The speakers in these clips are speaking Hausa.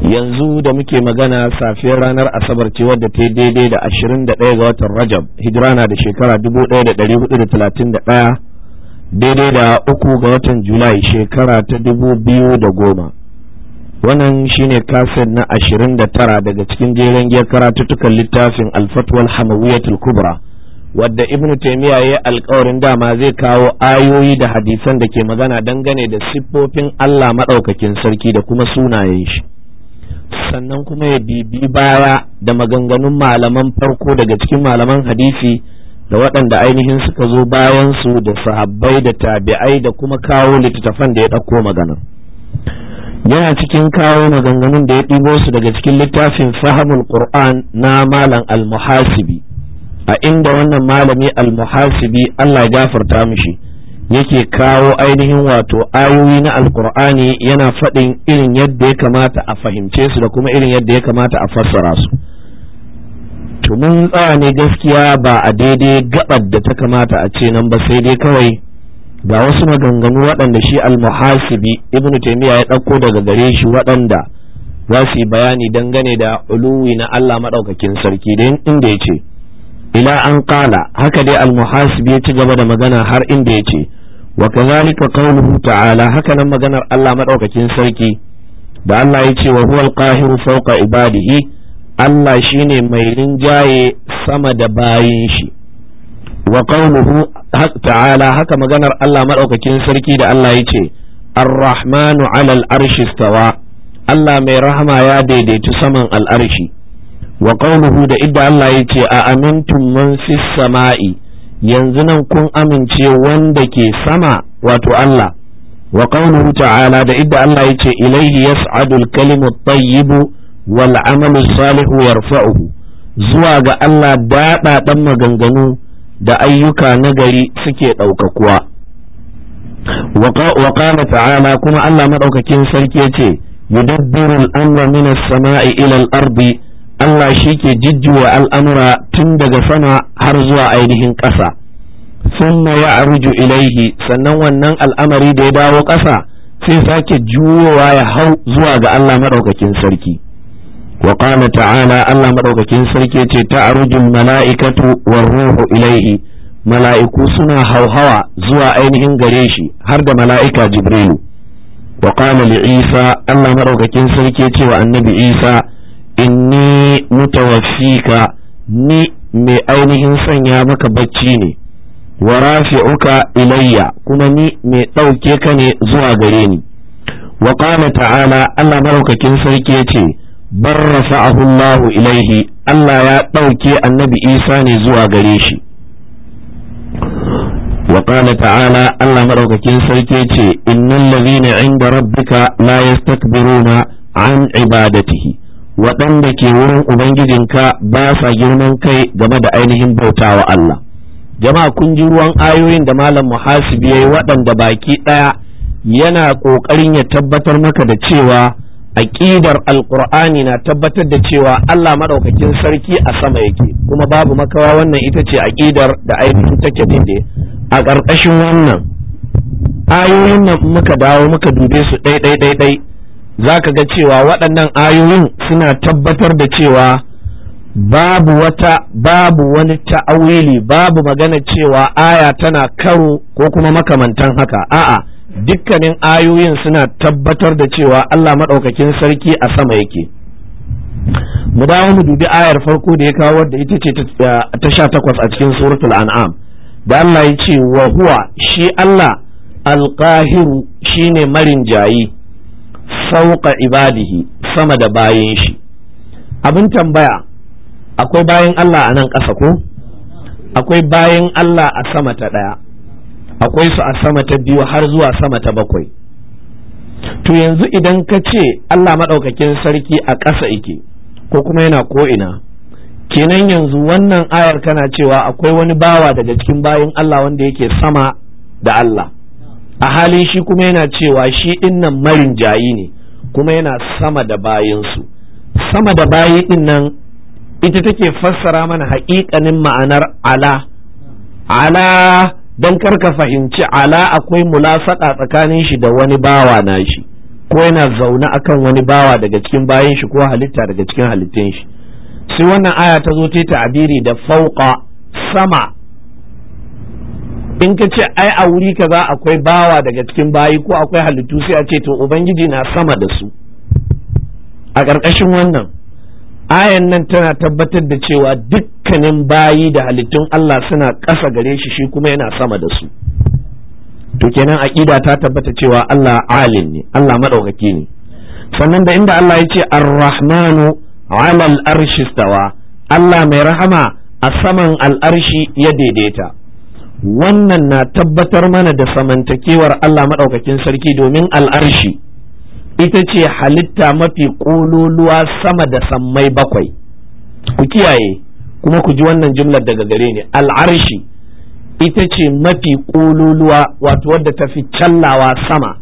yanzu da muke magana safiyar ranar asabar ce wadda ta daidai da 21 ga watan rajab hijira na da shekara 1431 daidai da uku ga watan julai shekara ta 2010 wannan shine kaset na 29 daga cikin jeren giyar karatuttukan littafin alfatwal hamawiyatul kubra wadda ibn taimiyya ya alkawarin dama zai kawo ayoyi da hadisan da ke magana dangane da siffofin allah maɗaukakin sarki da kuma sunayen shi sannan kuma ya bibi baya da maganganun malaman farko daga cikin malaman hadisi da waɗanda ainihin suka zo bayan da sahabbai da tabi'ai da kuma kawo littattafan da ya ɗauko magana yana cikin kawo maganganun da ya ɗibo su daga cikin littafin fahimul qur'an na malam al-muhasibi a inda wannan malami al-muhasibi Allah ya gafarta mishi yake kawo ainihin wato ayoyi na alkur'ani yana faɗin irin yadda ya kamata a fahimce su da kuma irin yadda ya kamata a fassara su to mun tsaya ne gaskiya ba a daidai gabar da ta kamata a ce nan ba sai dai kawai ga wasu maganganu waɗanda shi almuhasibi ibn taymiya ya ɗauko daga gare shi waɗanda za su yi bayani dangane da uluwi na Allah maɗaukakin sarki da inda ya ce ila an kala haka dai almuhasibi ya ci gaba da magana har inda ya ce wa kazalika qawluhu ta'ala haka nan maganar Allah madaukakin sarki da Allah ya ce wa huwa alqahir fawqa ibadihi Allah shine mai rinjaye sama da bayin shi wa qawluhu ta'ala haka maganar Allah madaukakin sarki da Allah ya ce arrahmanu rahmanu 'ala al-arshi istawa Allah mai rahama ya daidaitu saman al'arshi. wa qawluhu da idda Allah yace a amintum man fis sama'i yanzu nan kun amince wanda ke sama wato Allah wa qawluhu ta'ala da idda Allah yace ilayhi yas'adul kalimu at-tayyib wal amalu salihu yarfa'uhu zuwa ga Allah ɗan maganganu da ayyuka nagari suke ɗaukakuwa wa qala ta'ala kuma Allah madaukakin sarki yace yudabbiru al-amra min as-sama'i ila al-ardi Allah shi ke jijjiwa al'amura tun daga sama har zuwa ainihin ƙasa Sun ya ya'ruju ilaihi sannan wannan al'amari da ya dawo ƙasa sai sake juwowa ya hau zuwa ga Allah maɗaukakin sarki wa ta'ala Allah maɗaukakin sarki ce ta arujin malaikatu wa ruhu ilaihi mala'iku suna hauhawa zuwa ainihin gare shi har da mala'ika Jibrilu wa qala li Isa Allah maɗaukakin sarki ce wa annabi Isa inni mutawaffika ni mai ainihin sanya maka bacci ne wa rafi'uka ilayya kuma ni mai ɗauke ka ne zuwa gare ni wa qala ta'ala Allah maraukakin sarki yace bar rafa'ahu Allah ilaihi Allah ya ɗauke annabi Isa ne zuwa gare shi wa qala ta'ala Allah maraukakin sarki yace innal ladina 'inda rabbika la yastakbiruna an ibadatihi waɗanda ke wurin ubangijinka ba sa girman kai game da ainihin bauta wa Allah jama'a kun ji ruwan ayoyin da malam muhasibi yayi waɗanda baki ɗaya yana ƙoƙarin ya tabbatar maka da cewa aƙidar alƙur'ani na tabbatar da cewa Allah maɗaukakin sarki a sama yake kuma babu makawa wannan ita ce aƙidar da ainihin take daidai a ƙarƙashin wannan ayoyin nan muka dawo muka dube su ɗai ɗai ɗai ɗai za ka ga cewa waɗannan ayoyin suna tabbatar da cewa babu wata babu wani ta'awili babu magana cewa aya tana karo ko kuma makamantan haka a'a dukkanin ayoyin suna tabbatar da cewa Allah maɗaukakin sarki a sama yake mu dawo mu dubi ayar farko da ya kawo wadda ita ce ta sha takwas a cikin suratul an'am da Allah ya ce wa huwa shi Allah alqahiru shine marin jayi sauka ibadihi sama da bayan shi abin tambaya akwai bayan Allah a nan ƙasa ko akwai bayan Allah a sama ta ɗaya akwai su a sama ta biyu har zuwa sama ta bakwai to yanzu idan ka ce Allah maɗaukakin sarki a ƙasa ike ko kuma yana ko'ina kenan yanzu wannan ayar kana cewa akwai wani bawa daga cikin bayan Allah wanda yake sama da Allah a halin shi kuma yana cewa shi dinnan marin jayi ne kuma yana sama da bayansu. sama da bayi dinnan ita take fassara mana haƙiƙanin ma'anar ala ala don karka fahimci ala akwai mulasaka tsakanin shi da wani bawa na shi ko yana zaune akan wani bawa daga cikin bayan shi ko halitta daga cikin halittun shi sai wannan aya ta zo ta ta'abiri da fauka sama in ka ce ai a wuri kaza akwai bawa daga cikin bayi ko akwai halittu sai a ce to ubangiji na sama da su a ƙarƙashin wannan ayan nan tana tabbatar da cewa dukkanin bayi da halittun Allah suna ƙasa gare shi shi kuma yana sama da su to kenan aƙida ta tabbata cewa Allah alim ne Allah ne sannan da inda Allah ya ce ar-rahmanu al arshi stawa Allah mai rahama a saman al'arshi ya daidaita wannan na tabbatar mana da samantakewar Allah maɗaukakin sarki domin al'arshi ita ce halitta mafi ƙololuwa sama da sammai bakwai ku kiyaye kuma ku ji wannan jimlar daga gare ne. al'arshi ita ce mafi ƙololuwa wato wadda ta fi callawa sama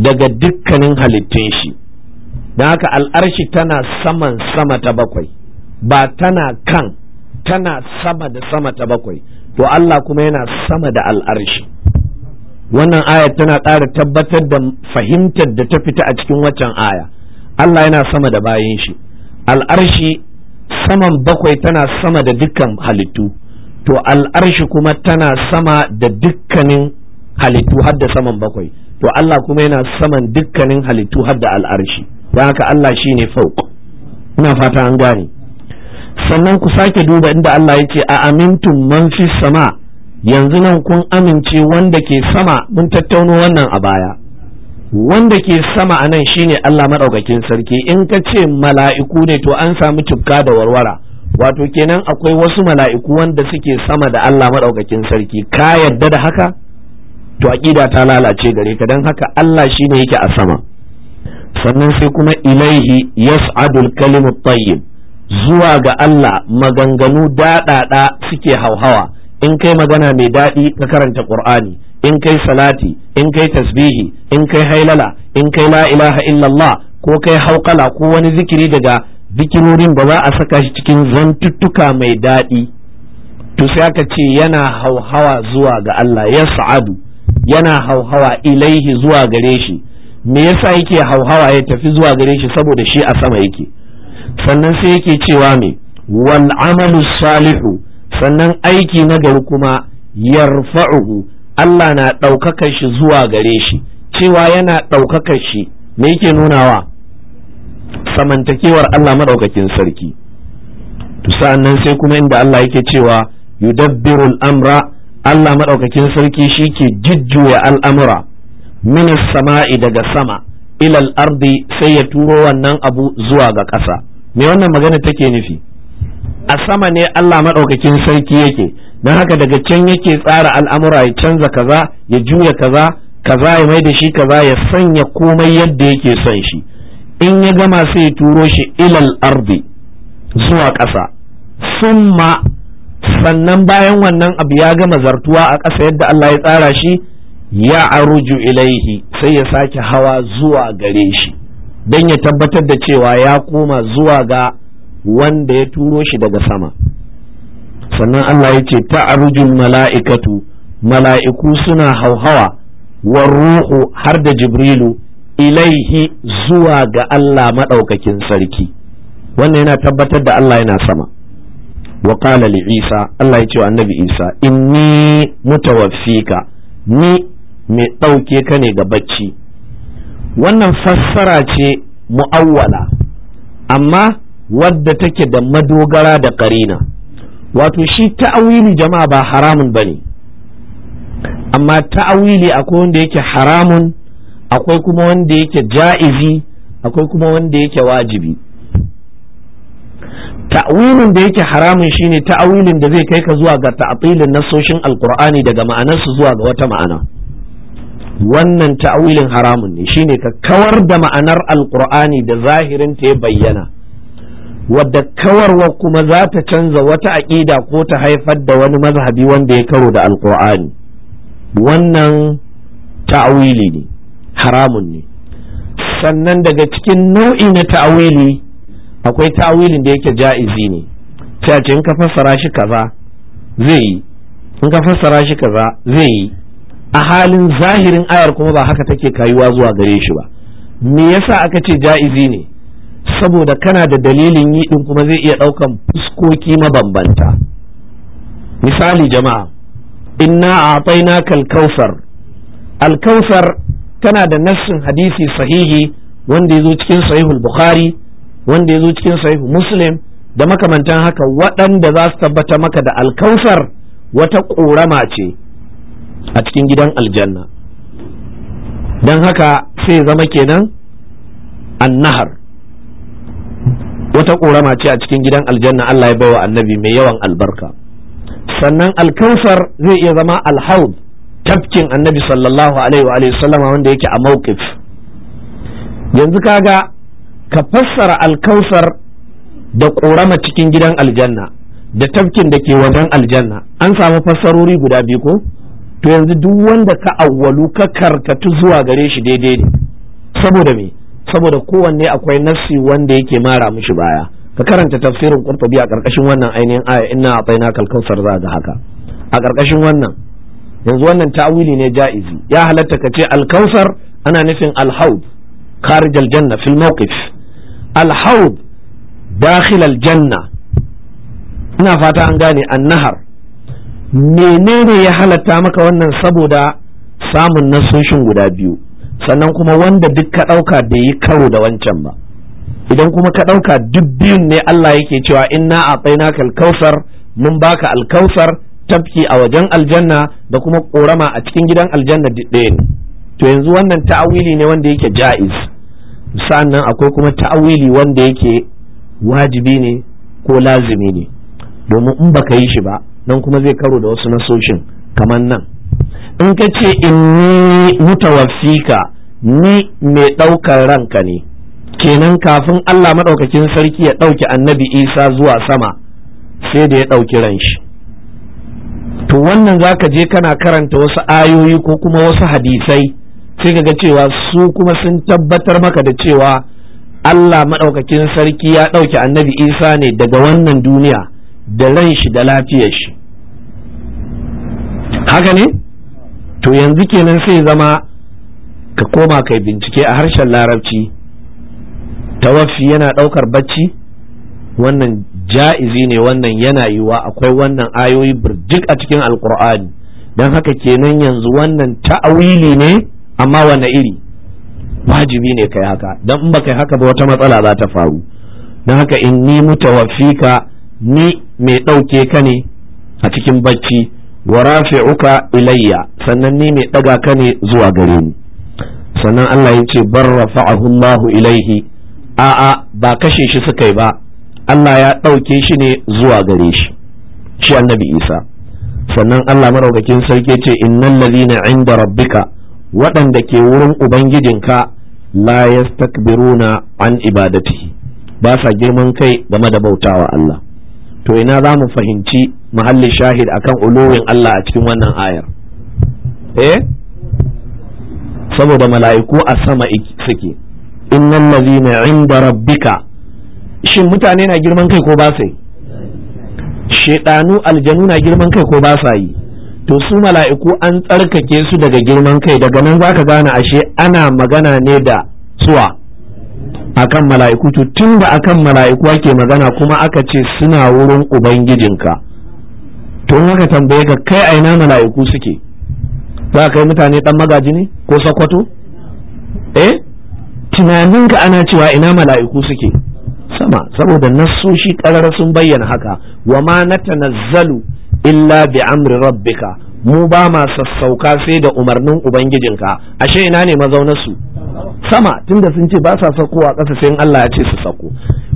daga dukkanin halittun shi don haka al'arshi tana saman sama ta bakwai ba tana kan tana sama da sama ta bakwai to Allah kuma yana sama da al'arshi wannan aya tana ƙara tabbatar da fahimtar da ta fita a cikin waccan aya Allah yana sama da bayan shi al'arshi saman bakwai tana sama da dukkan halittu to al'arshi kuma tana sama da dukkanin halittu har saman bakwai to Allah kuma yana saman dukkanin halittu har al'arshi don haka Allah shine fauk ina fata an gane sannan ku sake duba inda Allah ya a amintum man fi sama yanzu nan kun amince wanda ke sama mun tattauno wannan a baya wanda ke sama a nan shine Allah maɗaukakin sarki in ka ce mala'iku ne to an samu tufka da warwara wato kenan akwai wasu mala'iku wanda suke sama da Allah maɗaukakin sarki ka yadda da haka to aqida ta lalace gare ka don haka Allah shine yake a sama sannan sai kuma ilaihi yas'adul kalimut tayyib zuwa ga Allah maganganu daɗaɗa suke hauhawa in kai magana mai daɗi ka karanta ƙur'ani in kai salati in kai tasbihi in kai hailala in kai la ilaha illallah ko kai haukala ko wani zikiri daga zikirorin ba za a saka shi cikin zantuttuka mai daɗi to sai aka ce yana hauhawa zuwa ga Allah ya sa'adu yana hauhawa ilaihi zuwa gare shi me yasa yake hauhawa ya tafi zuwa gare shi saboda shi a sama yake sannan sai yake cewa me wal amalu salihu sannan aiki na gari kuma yarfa'uhu Allah na ɗaukaka shi zuwa gare shi cewa yana ɗaukaka shi me yake nunawa samantakewar Allah madaukakin sarki to sa'annan sai kuma inda Allah yake cewa yudabbiru amra Allah madaukakin sarki shi ke jujjuya al'amura minas sama'i daga sama ilal ardi sai ya turo wannan abu zuwa ga ƙasa me wannan magana take nufi a sama ne Allah maɗaukakin sarki yake don haka daga can yake tsara al'amura ya canza kaza ya juya kaza kaza ya mai da shi kaza ya sanya komai yadda yake son shi in ya gama sai turo shi ilal ardi zuwa ƙasa summa sannan bayan wannan abu ya gama zartuwa a ƙasa yadda Allah ya tsara shi ya aruju ilaihi sai ya sake hawa zuwa gare shi don ya tabbatar da cewa ya koma zuwa ga wanda ya turo shi daga sama sannan Allah ya ce arujin mala'ikatu mala'iku suna hauhawa wa ruhu har da jibrilu ilaihi zuwa ga Allah maɗaukakin sarki wannan yana tabbatar da Allah yana sama wa qala Isa Allah ya ce wa annabi Isa inni mutawaffika ni mai ɗauke ka ne ga bacci wannan fassara ce mu'awwala amma wadda take da madogara da karina wato shi ta'awili jama'a ba haramun ba ne amma ta'awili akwai wanda yake haramun akwai kuma wanda yake ja'izi akwai kuma wanda yake wajibi Ta'awilin da yake haramun shine ta'awilin da zai kai ka zuwa ga ta'atilin nasoshin alqur'ani daga ma'anarsu zuwa ga wata ma'ana wannan ta'awilin haramun ne shine ka kawar da ma'anar alqur'ani da zahirin ta ya bayyana wadda kawarwa kuma za ta canza wata aƙida ko ta haifar da wani mazhabi wanda ya karo da alqur'ani wannan ta'awili ne haramun ne sannan daga cikin nau'i na ta'awili akwai ta'awilin da yake ja'izi ne sai in ka fassara shi kaza zai yi in ka fassara shi kaza zai yi a halin zahirin ayar kuma ba haka take kayuwa zuwa gare shi ba me yasa aka ce ja'izi ne saboda kana da dalilin yi din kuma zai iya daukan fuskoki mabambanta misali jama'a inna a'tainaka kal kausar, al tana da nassin hadisi sahihi wanda yazo cikin sahihul bukhari wanda yazo cikin sahihul muslim da makamantan haka waɗanda za su tabbata maka da alkausar wata ƙorama ce a cikin gidan aljanna don haka sai zama kenan annahar wata ƙorama ce a cikin gidan aljanna Allah ya bawa annabi mai yawan albarka sannan alkausar zai iya zama alhaud tafkin annabi sallallahu alaihi wa sallama wanda yake a mawqif yanzu kaga ka fassara alkausar da ƙorama cikin gidan aljanna da tafkin da ke wajen aljanna an samu fassarori guda biyu ko to yanzu duk wanda ka awwalu ka karkatu zuwa gare shi daidai ne saboda me saboda kowanne akwai nafsi wanda yake mara mishi baya ka karanta tafsirin qurtubi a karkashin wannan ainihin aya inna atainaka al-kautsar za ga haka a karkashin wannan yanzu wannan ta'awili ne ja'izi ya halatta ka ce al ana nufin al-haud kharij al-janna fil mawqif al-haud dakhil al-janna ina fata an gane an-nahar menene ya halatta maka wannan saboda samun nasoshin guda biyu sannan kuma wanda duk ka ɗauka da yi karo da wancan ba idan kuma ka ɗauka duk biyun ne Allah yake cewa inna a tsainaka alkausar mun baka alkausar tafki a wajen aljanna da kuma korama a cikin gidan aljanna ɗaya ne to yanzu wannan ta'awili ne wanda yake ja'iz sannan akwai kuma ta'awili wanda yake wajibi ne ko lazimi ne domin in baka yi shi ba nan kuma zai karo da wasu nasoshin kamar nan in ka ce inni mutawaffika ni mai ɗaukar ranka ne kenan kafin Allah maɗaukakin sarki ya ɗauki annabi isa zuwa sama sai da ya ɗauki ran shi to wannan za ka je kana karanta wasu ayoyi ko kuma wasu hadisai sai ka ga cewa su kuma sun tabbatar maka da cewa Allah maɗaukakin sarki ya ɗauki annabi isa ne daga wannan duniya da ran shi da lafiyar shi haka ne to yanzu kenan sai zama ka koma kai bincike a harshen larabci tawafi yana ɗaukar bacci wannan ja'izi ne wannan yana yiwa akwai wannan ayoyi burjik a cikin alkur'ani don haka kenan yanzu wannan ta'awili ne amma wane iri wajibi ne kai haka don in baka haka ba wata matsala za ta faru don haka in ni mutawaffika ni mai ɗauke ka ne a cikin bacci wa uka ilayya sannan ni mai ɗaga ka ne zuwa gare ni sannan Allah ya ce bar rafa'ahu Allahu ilaihi a'a ba kashe shi suka yi ba Allah ya ɗauke shi ne zuwa gare shi shi annabi Isa sannan Allah maraukakin sarki ce innal ladina inda rabbika waɗanda ke wurin ubangijinka la yastakbiruna an ibadatihi ba sa girman kai game da bautawa Allah to ina za mu fahimci muhallin shahid akan uluwin Allah a cikin wannan ayar eh saboda mala'iku a sama suke innal ladhina 'inda rabbika shin mutane na girman kai ko ba sa yi aljanu na girman kai ko ba sa yi to su mala'iku an tsarkake su daga girman kai daga nan zaka gane ashe ana magana ne da suwa akan mala'iku to tunda akan mala'iku ake magana kuma aka ce suna wurin ubangijinka to in aka tambaye ka kai a mala'iku suke za kai mutane dan magaji ne ko sakwato eh tunaninka ana cewa ina mala'iku suke sama saboda nassoshi karara sun bayyana haka wa ma natanazzalu illa bi amri rabbika mu ba ma sassauka sai da umarnin ubangijinka ashe ina ne mazaunar su sama tunda sun ce ba sa a ƙasa sai Allah ya ce su sauko.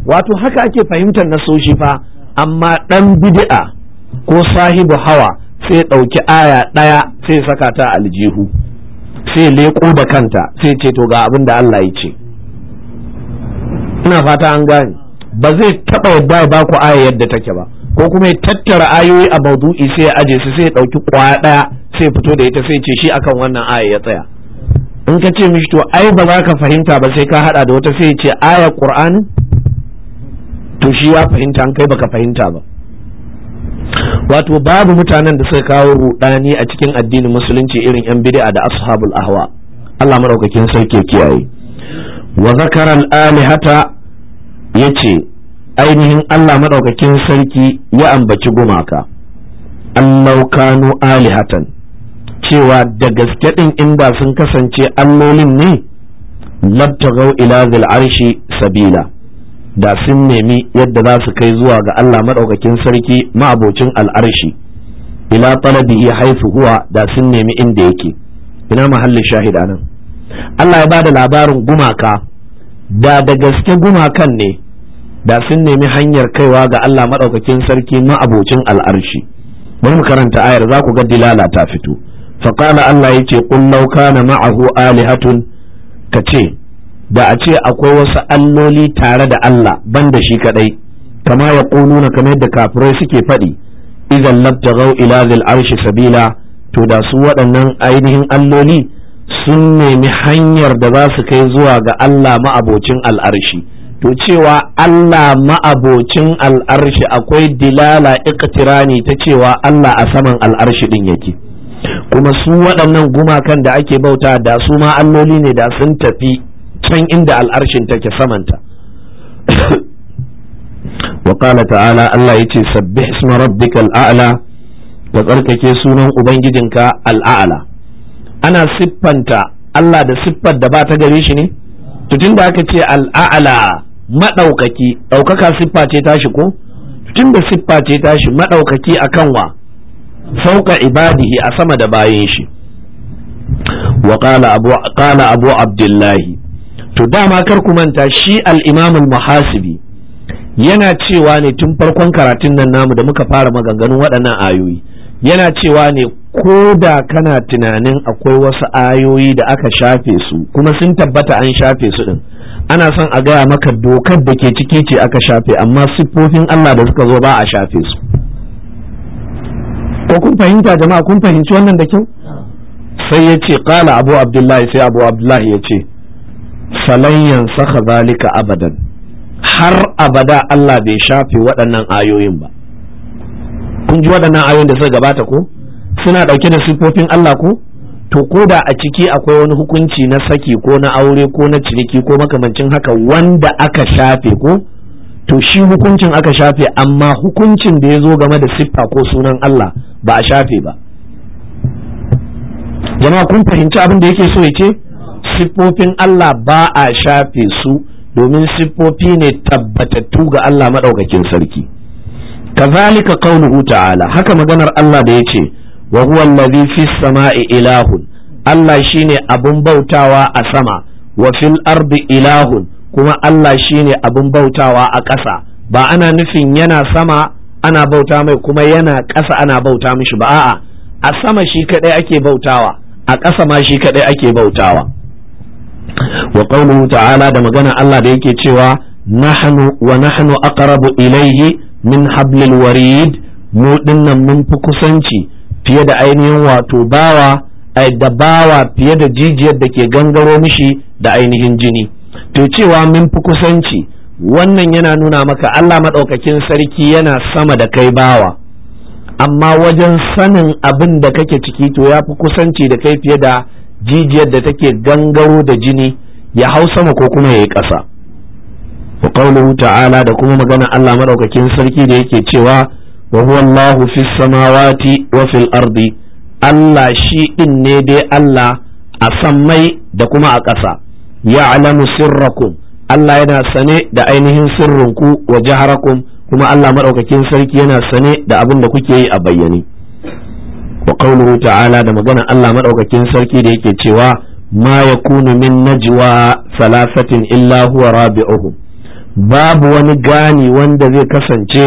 wato haka ake fahimtar na nasoshi fa amma ɗan bid'a ko sahibu hawa sai ɗauki aya ɗaya sai saka ta aljihu sai leko da kanta sai ce to ga abin Allah ya ce ina fata an gane ba zai taɓa yadda ba ku aya yadda take ba ko kuma ya tattara ayoyi a maudu'i sai ya aje su sai ya ɗauki ƙwaya ɗaya sai fito da ita sai ce shi akan wannan aya ya tsaya in ka ce mishi to ai ba za ka fahimta ba sai ka hada da wata sai ce aya qur'ani to shi ya fahimta an kai baka fahimta ba wato babu mutanen da suka kawo rudani a cikin addinin musulunci irin yan bid'a da ashabul ahwa Allah madaukakin sarki kiyaye wa zakara al-alihata yace ainihin Allah madaukakin sarki ya ambaci gumaka annau kanu alihatan cewa da gaske ɗin inda sun kasance allolin ne labtagau ila zil arshi sabila da sun nemi yadda za su kai zuwa ga Allah maɗaukakin sarki ma'abocin al'arshi ila talabihi haifu huwa da sun nemi inda yake ina mahallin shahida nan Allah ya bada labarin gumaka da da gaske gumakan ne da sun nemi hanyar kaiwa ga Allah maɗaukakin sarki ma'abocin al'arshi bari mu karanta ayar za ku ga dilala ta fito faƙala Allah ya ce ƙullau kana ma'ahu alihatun ka ce da a ce akwai wasu alloli tare da Allah ban da shi kaɗai kama ya na kamar yadda kafirai suke faɗi idan labtagau ila zil arshi sabila to da su waɗannan ainihin alloli sun nemi hanyar da za su kai zuwa ga Allah ma'abocin al'arshi to cewa Allah ma'abocin al'arshi akwai dilala ikatirani ta cewa Allah a saman al'arshi ɗin yake kuma su waɗannan gumakan da ake bauta da su ma alloli ne da sun tafi can inda al'arshin take samanta wa qala ta'ala Allah yace sabbih isma rabbikal a'la ka tsarkake sunan ubangijinka al'a'la ana siffanta Allah da siffar da ba ta gare shi ne tutun da aka ce al'a'la madaukaki daukaka siffa ce tashi ko da siffa ce tashi madaukaki akan wa fauka ibadihi a sama da bayan shi wa abu abdullahi to dama kar ku manta shi al-imam muhasibi yana cewa ne tun farkon karatun nan namu da muka fara maganganun waɗannan ayoyi yana cewa ne ko da kana tunanin akwai wasu ayoyi da aka shafe su kuma sun tabbata an shafe su ɗin. ana son a gaya maka dokar da ke ciki ce aka shafe amma siffofin Allah da suka zo ba a shafe su ko kun fahimta jama'a kun fahimci wannan da kyau sai ya ce kala abu abdullahi sai abu abdullahi ya ce salayyan saka zalika abadan har abada Allah bai shafe waɗannan ayoyin ba kun ji waɗannan ayoyin da suka gabata ko suna ɗauke da siffofin Allah ko to ko da a ciki akwai wani hukunci na saki ko na aure ko na ciniki ko makamancin haka wanda aka shafe ko to shi hukuncin aka shafe amma hukuncin da ya zo game da siffa ko sunan Allah ba a shafe ba jama'a kun fahimci abin da yake so ya ce siffofin Allah ba a shafe su domin siffofi ne tabbatattu ga Allah maɗaukakin sarki kazalika qauluhu ta'ala haka maganar Allah da yace wa huwa allazi fis sama'i ilahun Allah shine abun bautawa a sama wa fil ardi ilahun kuma Allah shine abun bautawa a ƙasa ba ana nufin yana sama ana bauta mai kuma yana ƙasa ana bauta mishi ba a'a a sama shi kaɗai ake bautawa a ƙasa ma shi kaɗai ake bautawa wa qauluhu ta'ala da magana Allah da yake cewa nahnu wa nahnu aqrabu ilayhi min hablil warid mu dinnan mun fi kusanci fiye da ainihin wato bawa ai da bawa fiye da jijiyar da ke gangaro mishi da ainihin jini to cewa mun fi kusanci wannan yana nuna maka Allah maɗaukakin sarki yana sama da kai bawa amma wajen sanin abin da kake ciki to ya fi kusanci da kai fiye da jijiyar da take gangaro da jini ya hau sama ko kuma ya yi ƙasa wa qawluhu ta'ala da kuma magana Allah maɗaukakin sarki da yake cewa wa huwa Allahu fis samawati wa fil ardi Allah shi din ne dai Allah a sammai da kuma a ƙasa ya'lamu sirrakum Allah yana sane da ainihin sirrinku wa jaharakum kuma Allah maɗaukakin sarki yana sane da abin da kuke yi a bayyane wa qauluhu ta'ala da magana Allah maɗaukakin sarki da yake cewa ma yakunu min najwa salasatin illa huwa rabi'uhum babu wani gani wanda zai kasance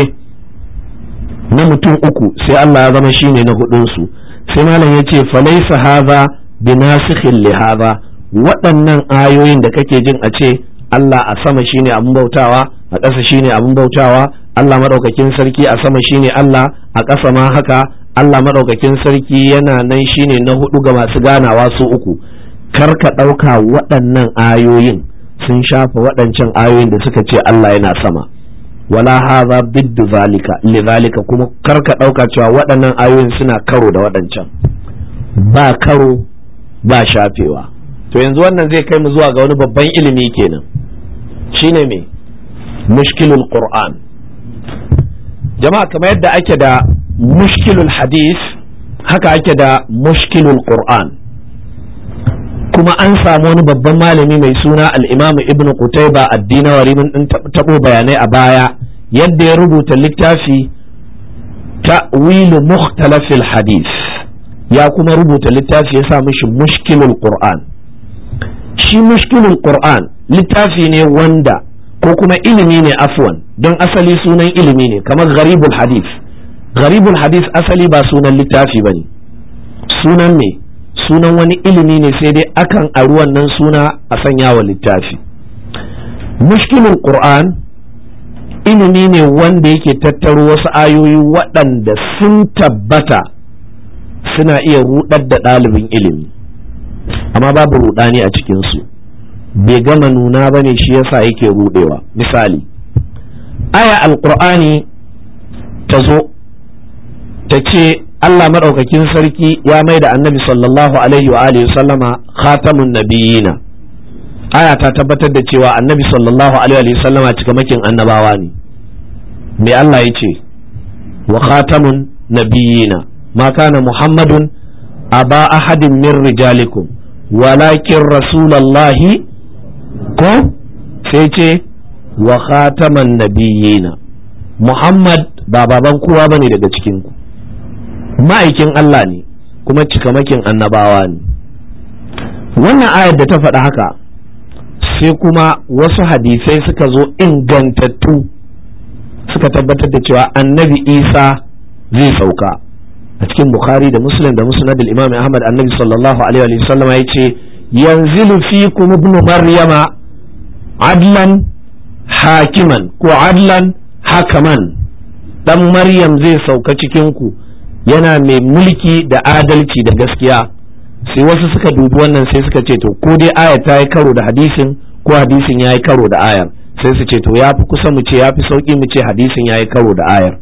na mutum uku sai Allah ya zama shine na hudunsu sai malam yace falaysa hadha binasikhin li hadha waɗannan ayoyin da kake jin a ce Allah a sama shine abin bautawa a ƙasa shine abin bautawa Allah madaukakin sarki a sama shine Allah a ƙasa ma haka Allah maɗaukakin sarki yana nan shine na hudu ga masu ganawa su uku karka ɗauka waɗannan ayoyin sun shafa waɗancan ayoyin da suka ce Allah yana sama wala haza biddu zalika zalika kuma karka ɗauka cewa waɗannan ayoyin suna karo da waɗancan ba karo ba shafewa to yanzu wannan zai kai mu zuwa ga wani babban ilimi kenan shine me mushkilul qur'an jama'a kamar yadda ake da mushkilul hadis haka ake da mushkilul qur'an kuma an samu wani babban malami mai suna al-imam ibn qutayba ad-dinawari mun tabo bayanai a baya yadda ya rubuta littafi ta'wilu mukhtalafil hadith ya kuma rubuta littafi ya sa mishi mushkilul qur'an shi mushkilul qur'an littafi ne wanda ko kuma ilimi ne afwan don asali sunan ilimi ne kamar gharibul hadith gharibul hadith asali ba sunan littafi bane sunan me sunan wani ilimi ne sai dai akan a nan suna a sanya wa littafi mushkilul qur'an ilimi ne wanda yake tattaro wasu ayoyi waɗanda sun tabbata suna iya rudar da ɗalibin ilimi amma babu rudani a cikinsu bai gama nuna ba ne shi yasa yake rudewa misali aya alkur'ani ta zo ta ce Allah maɗaukakin sarki ya mai da annabi sallallahu alaihi wa alihi sallama khatamun nabiyina aya ta tabbatar da cewa annabi sallallahu alaihi wa sallama cikamakin annabawa ne me Allah yace ce wa khatamun nabiyina ma kana muhammadun aba ahadin min rijalikum walakin rasulallahi ko sai ce wa khataman nabiyina muhammad ba baban kowa bane daga cikin ku ma'aikin Allah ne kuma cikamakin annabawa ne wannan ayar da ta faɗa haka sai kuma wasu hadisai suka zo ingantattu suka tabbatar da cewa annabi isa zai sauka a cikin bukhari da muslim da musnad al-imam ahmad annabi sallallahu alaihi wa sallam yace yanzilu fikum ibn maryama adlan hakiman ko adlan hakaman dan maryam zai sauka cikin ku yana mai mulki da adalci da gaskiya sai wasu suka dubi wannan sai suka ce to ko dai ayar ta yi karo da hadisin ko hadisin ya yi karo da ayar sai su ce to ya fi kusa mu ce ya fi sauƙi mu ce hadisin ya yi karo da ayar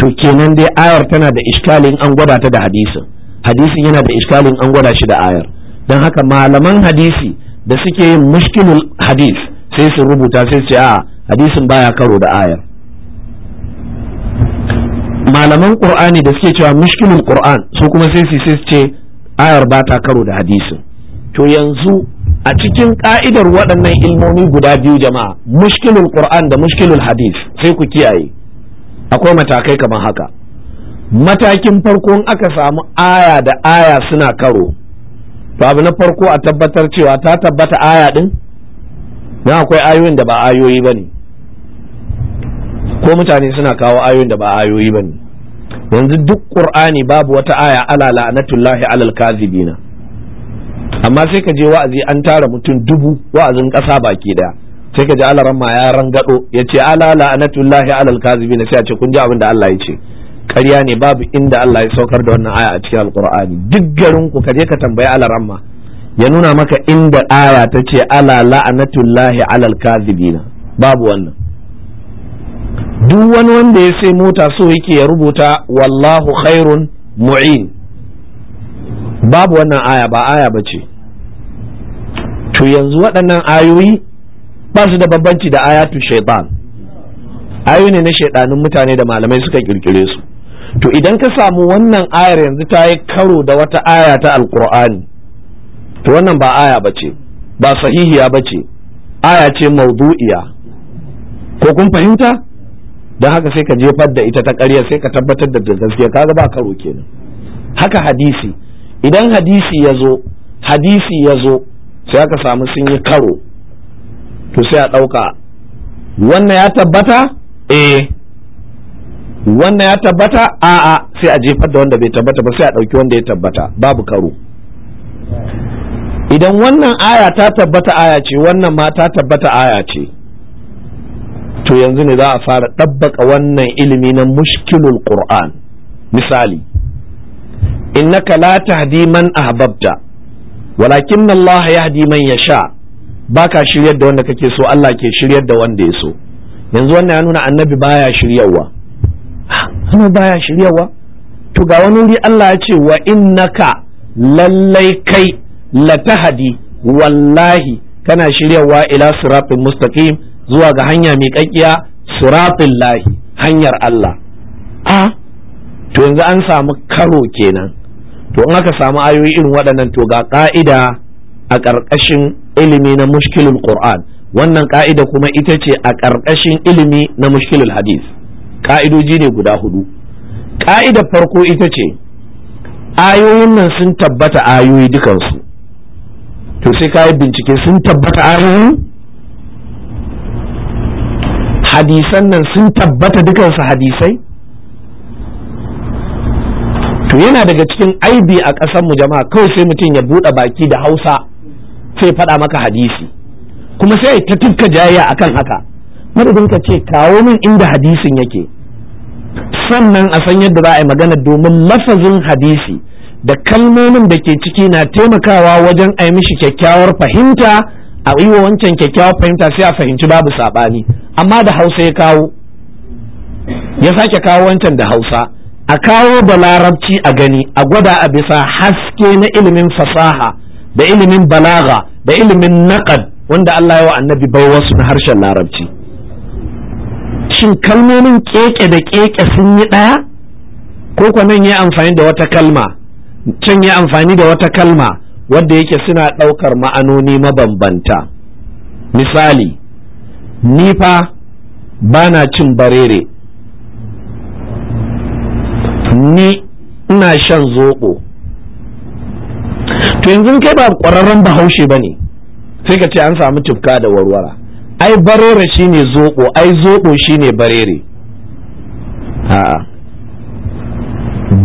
to kenan dai ayar tana da iskalin an gwada ta da hadisin hadisin yana da iskalin an gwada shi da ayar don haka malaman hadisi da suke yin mushkilul hadis sai su rubuta sai su a hadisin baya karo da ayar malaman qur'ani da suke cewa mushkilul qur'an su kuma sai su sai su ce ayar ba ta karo da hadisin to yanzu a cikin ka'idar waɗannan ilmomi guda biyu jama'a mushkilul qur'an da mushkilul hadis sai ku kiyaye akwai matakai kamar haka matakin farko aka samu aya da aya suna karo to abu na farko a tabbatar cewa ta tabbata aya din na akwai ayoyin da ba ayoyi ba ne ko mutane suna kawo ayoyin da ba ayoyi ba ne yanzu duk ƙur'ani babu wata aya ala la'anatullahi alal kazibina amma sai ka je wa'azi an tara mutum dubu wa'azin ƙasa baki daya sai ka ji alaran ma ya rangado ya ce ala la'anatullahi alal na sai a ce kun ji abin da Allah ya ce ƙarya ne babu inda Allah ya saukar da wannan aya a cikin alqur'ani duk garin ku ka je ka tambayi alaran ma ya nuna maka inda aya ta ce ala la'anatullahi alal na babu wannan duk wani wanda ya sai mota so yake ya rubuta wallahu khairun mu'in babu wannan aya ba aya ba ce to yanzu waɗannan ayoyi ba su da bambanci da ayatu shaitan ayu ne na shaidanin mutane da malamai suka kirkire su to idan ka samu wannan ayar yanzu ta yi karo da wata aya ta alkur'ani to wannan ba aya ba ce ba sahihiya ba ce aya ce maudu'iya ko kun fahimta don haka sai ka jefar da ita ta ƙarya sai ka tabbatar da gaskiya kaga ba karo kenan haka hadisi idan hadisi ya zo hadisi ya zo sai aka samu sun yi karo to sai a ɗauka wannan ya tabbata eh wannan ya tabbata a'a sai a jefar da wanda bai tabbata ba sai a ɗauki wanda ya tabbata babu karo idan wannan aya ta tabbata aya ce wannan ma ta tabbata aya ce to yanzu ne za a fara ɗabbaka wannan ilimi na mushkilul qur'an misali innaka la tahdi man ahbabta walakin Allah yahdi man yasha Ba ka shiryar da wanda kake so Allah ke shiryar da wanda ya so yanzu wannan ya nuna annabi baya shiryarwa annabi baya shiryarwa to ga wani wuri Allah ya ce wa in innaka lallai kai latahadi wallahi kana shiryarwa ila siratin mustaqim zuwa ga hanya mai kakkiya siratin lahi hanyar Allah a to yanzu an samu karo kenan to in aka samu ayoyi irin waɗannan to ga ƙa'ida a ƙarƙashin ilimi na mushkilul qur'an wannan ƙa'ida kuma ita ce a ƙarƙashin ilimi na mushkilul hadis Ƙa'idoji ne guda hudu ƙa'idar farko ita ce ayoyin nan sun tabbata ayoyi dukansu to sai ka yi bincike sun tabbata ayoyi hadisan nan sun tabbata dukansu hadisai to yana daga cikin aibi a ƙasarmu jama'a kawai sai mutum ya buɗe baki da hausa sai faɗa maka hadisi kuma sai ta tukka jayayya akan haka madadin ka ce kawo min inda hadisin yake sannan a san yadda za a yi magana domin lafazin hadisi da kalmomin da ke ciki na taimakawa wajen a yi mishi kyakkyawar fahimta a yi wa wancan kyakkyawar fahimta sai a fahimci babu saɓani amma da hausa ya kawo ya sake kawo wancan da hausa a kawo Balarabci a gani a gwada a bisa haske na ilimin fasaha da ilimin balaga da ilimin naƙad, wanda Allah ya wa annabi wasu na harshen larabci shin kalmomin keke da keke sun yi ɗaya ko nan ya amfani da wata kalma can ya amfani da wata kalma wadda yake suna ɗaukar ma'anoni mabambanta misali ni fa ba na cin barere ni ina shan zoɓo to yanzu kai ba ƙwararren bahaushe ba ne sai ka ce an samu tufka da warwara ai barore shine zoɓo ai zoɓo shine barere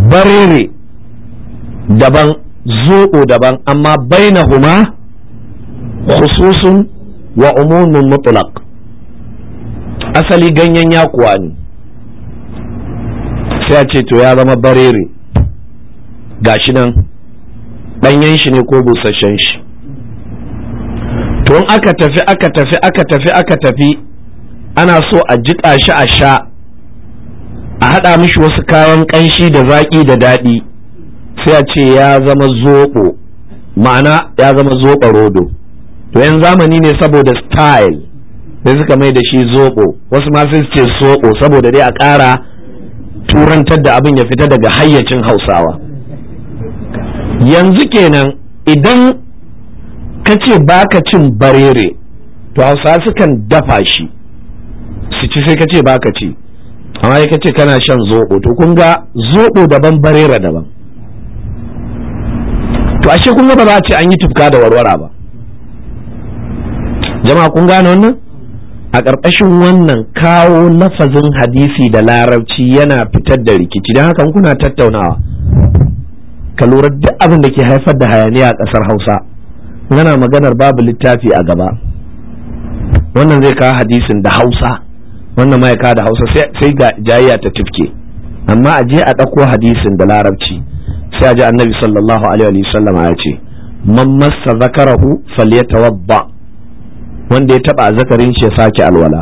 barere daban zoɓo daban amma huma khususun wa umumin mutlaq asali ganyen yakuwa ne sai a ce to ya zama barere ga shi nan ɗanyen shi ne ko busasshen shi tun aka tafi aka tafi aka tafi aka tafi ana so a jiƙa shi a sha a haɗa mishi wasu kayan ƙanshi da zaƙi da daɗi sai a ce ya zama zoɓo ma'ana ya zama zoɓa rodo to yan zamani ne saboda style sai suka mai da shi zoɓo wasu ma sai su ce soɓo saboda dai a ƙara turantar da abin ya fita daga hayyacin hausawa yanzu kenan idan ka ce baka cin barere to hausa sukan dafa shi su ci sai ka ce baka ci amma ya kace kana shan zoɓo to kun ga zoɓo daban barera daban to ashe kun ga ba za a ce an yi tufka da warwara ba jama'a kun gane wannan a ƙarƙashin wannan kawo lafazin hadisi da larabci yana fitar da rikici don haka kuna tattaunawa ka lura duk abin da ke haifar da hayaniya a ƙasar hausa yana maganar babu littafi a gaba wannan zai kawo hadisin da hausa wannan mai da hausa sai ga jayayya ta tifke amma a je a ɗauko hadisin da larabci sai a ji annabi sallallahu alaihi wa sallam ya ce man massa zakarahu falyatawadda wanda ya taba zakarin shi ya sake alwala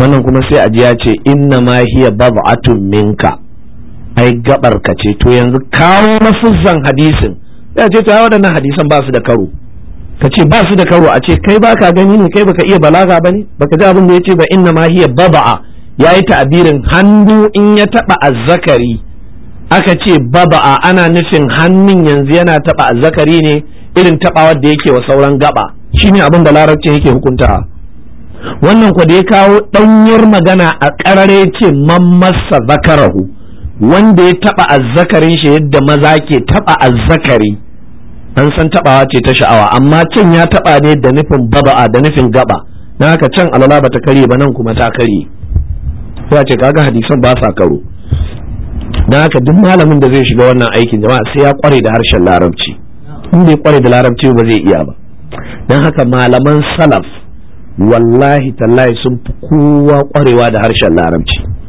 wannan kuma sai a ji ya ce inna ma hiya bab'atun minka ai gabar ka ce to yanzu kawo lafuzzan hadisin ya ce to waɗannan hadisan ba su da karo ka ce ba su da karo a ce kai baka gani ne kai baka iya balaga ba ne baka ji abin da ya ce ba inna ma hiya baba'a ya yi hannu in ya taɓa azzakari aka ce baba'a ana nufin hannun yanzu yana taba azzakari ne irin tabawar da yake wa sauran gaba shine abin da larabci yake hukunta? wannan ku da ya kawo ɗanyar magana a ƙarare ce mammasa zakarahu wanda ya taba azzakarin shi yadda maza ke taba azzakari an san tabawa ce ta sha'awa amma can ya taba ne da nufin baba'a da nufin gaba na haka can alala bata karye ba nan kuma ta karye ya ce kaga hadisan ba sa karo na haka duk malamin da zai shiga wannan aikin jama'a sai ya kware da harshen larabci in bai kware da larabci ba zai iya ba don haka malaman salaf wallahi tallahi sun fi kowa kwarewa da harshen larabci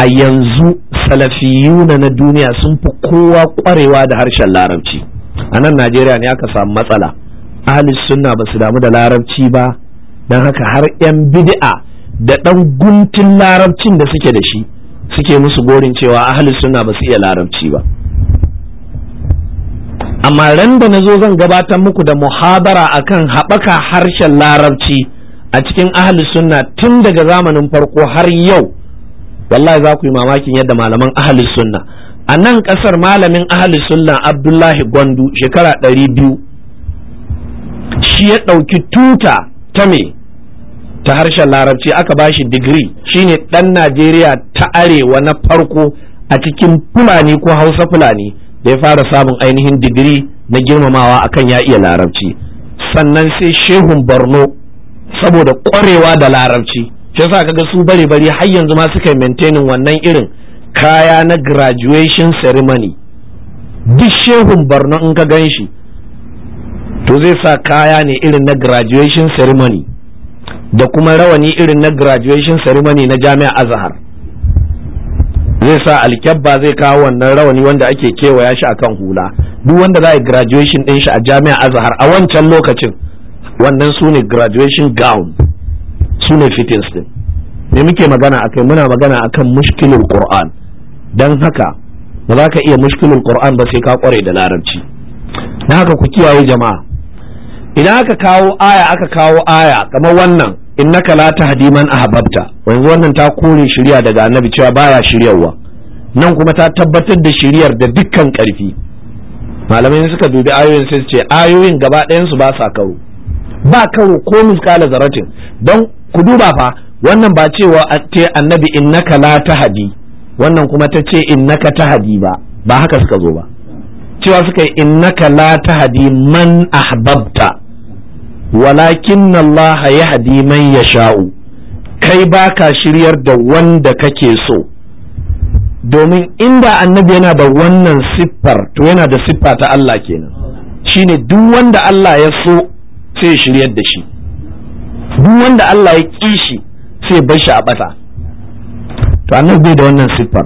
a yanzu salafiyuna na duniya sun fi kowa kwarewa da harshen larabci a nan najeriya ne aka samu matsala ahalis sunna ba su damu da larabci ba don haka har 'yan bid'a da dan guntun larabcin da suke da shi suke musu gorin cewa ahalis sunna ba su iya larabci ba amma ran da na zo zan gabatar muku da muhabara akan haɓaka harshen larabci a cikin ahalis sunna tun daga zamanin farko har yau wallahi za ku yi mamakin yadda malaman ahalus sunna a nan kasar malamin ahalus sunna abdullahi gwandu shekara ɗari biyu shi ya ɗauki tuta ta me ta harshen larabci aka ba shi digiri shine ɗan najeriya ta arewa na farko a cikin fulani ko hausa fulani da ya fara samun ainihin digiri na girmamawa akan ya iya larabci sannan sai shehun borno saboda ƙwarewa da larabci shi yasa kaga su bare bare har yanzu ma suka maintaining wannan irin kaya na graduation ceremony duk shehun barno in ka gan shi to zai sa kaya ne irin na graduation ceremony da kuma rawani irin na graduation ceremony na jami'a azhar zai sa alkyabba zai kawo wannan rawani wanda ake kewaya shi akan hula duk wanda za a yi graduation din shi a jami'a azhar a wancan lokacin wannan su ne graduation gown su ne fitins din me muke magana a kai? muna magana a kan mushkilin Kur'an. Don haka ba za ka iya mushkilin ƙur'an ba sai ka kware da larabci na haka ku kiyaye jama'a idan aka kawo aya aka kawo aya kamar wannan innaka la tahdi man ahbabta yanzu wannan ta kore shirya daga annabi cewa baya shiryarwa nan kuma ta tabbatar da shiryar da dukkan karfi malamai suka dubi ayoyin sai su ce ayoyin gaba ɗayan su ba sa karo ba karo ko miskala zaratin don ku duba fa wannan ba cewa ce annabi innaka la tahdi wannan kuma ta ce innaka tahdi ba ba haka suka zo ba cewa suka yi innaka la tahdi man ahbabta walakin Allah yahdi man yasha'u kai ba ka shiryar da wanda kake so domin inda annabi yana da wannan siffar to yana da siffa ta Allah kenan shine duk wanda Allah ya so sai shiryar da shi duk wanda Allah ya ƙi shi sai bar shi a ɓata to annabi bai da wannan siffar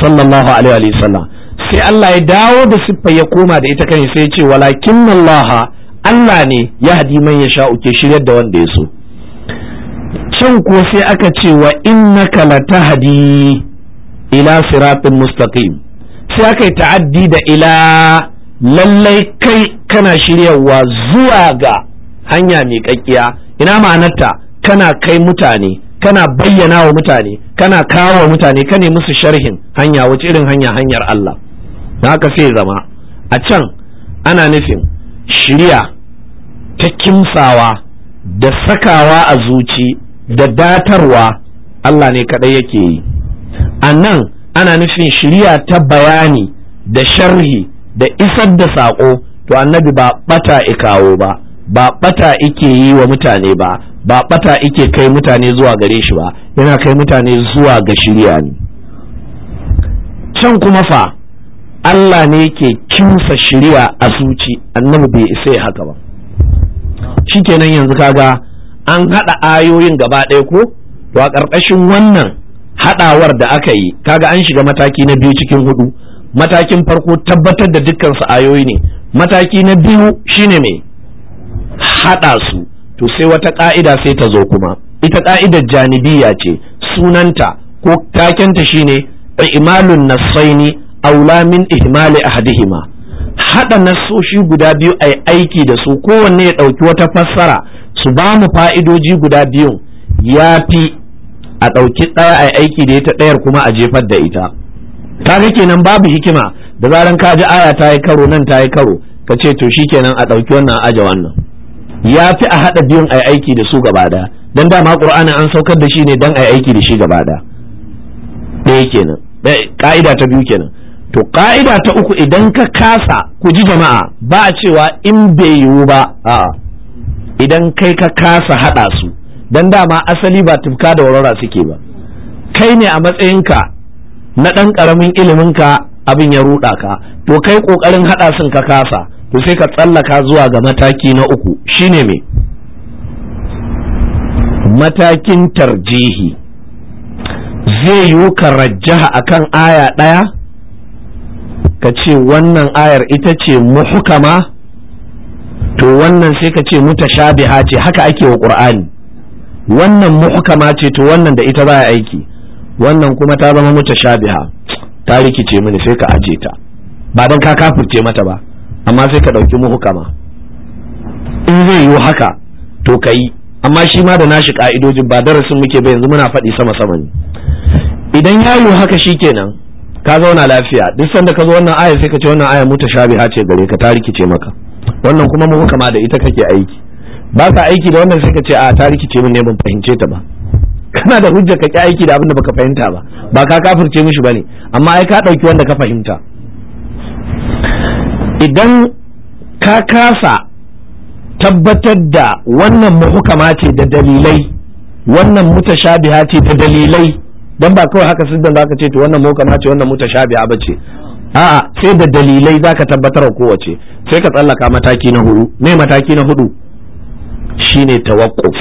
sallallahu alaihi wa sallam sai Allah ya dawo da siffar ya koma da ita kai sai ya ce walakin Allah Allah ne ya hadi man ya sha uke shiryar da wanda ya so can ko sai aka ce wa innaka latahdi ila siratin mustaqim sai aka yi ta'addi da ila lallai kai kana shiryarwa zuwa ga hanya miƙaƙƙiya ina ma'anarta kana kai mutane kana bayyana wa mutane kana kawo wa mutane ka musu sharhin hanya wace irin hanya hanyar Allah na haka sai zama a can ana nufin shirya ta kimsawa da sakawa a zuci da datarwa Allah ne kaɗai yake yi a nan ana nufin shirya ta bayani da sharhi da isar da saƙo to annabi ba ɓata ikawo ba ba bata ike yi wa mutane ba ba bata ike kai mutane zuwa gare shi ba yana kai mutane zuwa ga shirya ne can kuma fa Allah ne yake kinsa shirya a zuci annabi bai isa haka ba shikenan yanzu kaga an haɗa ayoyin gaba ɗaya ko to a ƙarƙashin wannan haɗawar da aka yi kaga an shiga mataki na biyu cikin hudu matakin farko tabbatar da dukkan su ayoyi ne mataki na biyu shine mai haɗa su to sai wata ƙa'ida sai ta zo kuma ita ƙa'idar janibiya ce sunanta ko takenta shine imalun nasaini aula min ihmali ahadihima haɗa nassoshi guda biyu a aiki da su kowanne ya ɗauki wata fassara su ba mu fa'idoji guda biyun ya fi a ɗauki ɗaya a aiki da ita ɗayar kuma a jefar da ita ta ga kenan babu hikima da zaran ka ji aya ta yi karo nan ta yi karo ka ce to kenan a ɗauki wannan aja wannan ya fi a haɗa biyun a aiki da su gaba ɗaya don dama ƙur'ani an saukar da shi ne don a aiki da shi gaba ɗaya kenan Ka'ida ta biyu kenan to ka'ida ta uku idan ka kasa ku ji jama'a ba a cewa in bai yiwu ba a idan kai ka kasa haɗa su don dama asali ba tufka da warwara suke ba kai ne a matsayinka na ɗan ƙaramin iliminka abin ya ruɗa ka to kai ƙoƙarin haɗa sun ka kasa to sai ka tsallaka zuwa ga mataki na uku shine me matakin tarjihi zai yiwu ka a kan aya ɗaya ka ce wannan ayar ita ce muhukama to wannan sai ka ce mutashabiha ce haka ake wa ƙur'ani wannan muhukama ce to wannan da ita za a aiki wannan kuma ta zama mutashabiha ta rikice mini sai ka aje ta ba don ka kafurce mata ba amma sai ka ɗauki muhukama in zai yiwu haka to ka yi amma shi ma da nashi ka'idojin ba darasin muke ba yanzu muna faɗi sama sama ne idan ya yi haka kenan ka zauna lafiya duk sanda ka zo wannan aya sai ka ce wannan aya mutashabiha ce gare ka ta rikice maka wannan kuma muhukama da ita kake aiki ba ka aiki da wannan sai ka ce a ta rikice min ne ban fahimce ta ba kana da hujja ka ki aiki da abin da baka fahimta ba ba ka kafirce mishi bane amma ai ka dauki wanda ka fahimta idan ka kasa tabbatar da wannan muhukama ce da dalilai wannan mutashabiha ce da dalilai don ba kawai haka siddan zaka ce to wannan muhukama ce wannan mutashabiha ce. a'a sai da dalilai za ka tabbatar kowace sai ka tsallaka mataki na hudu me mataki na hudu shine tawakkuf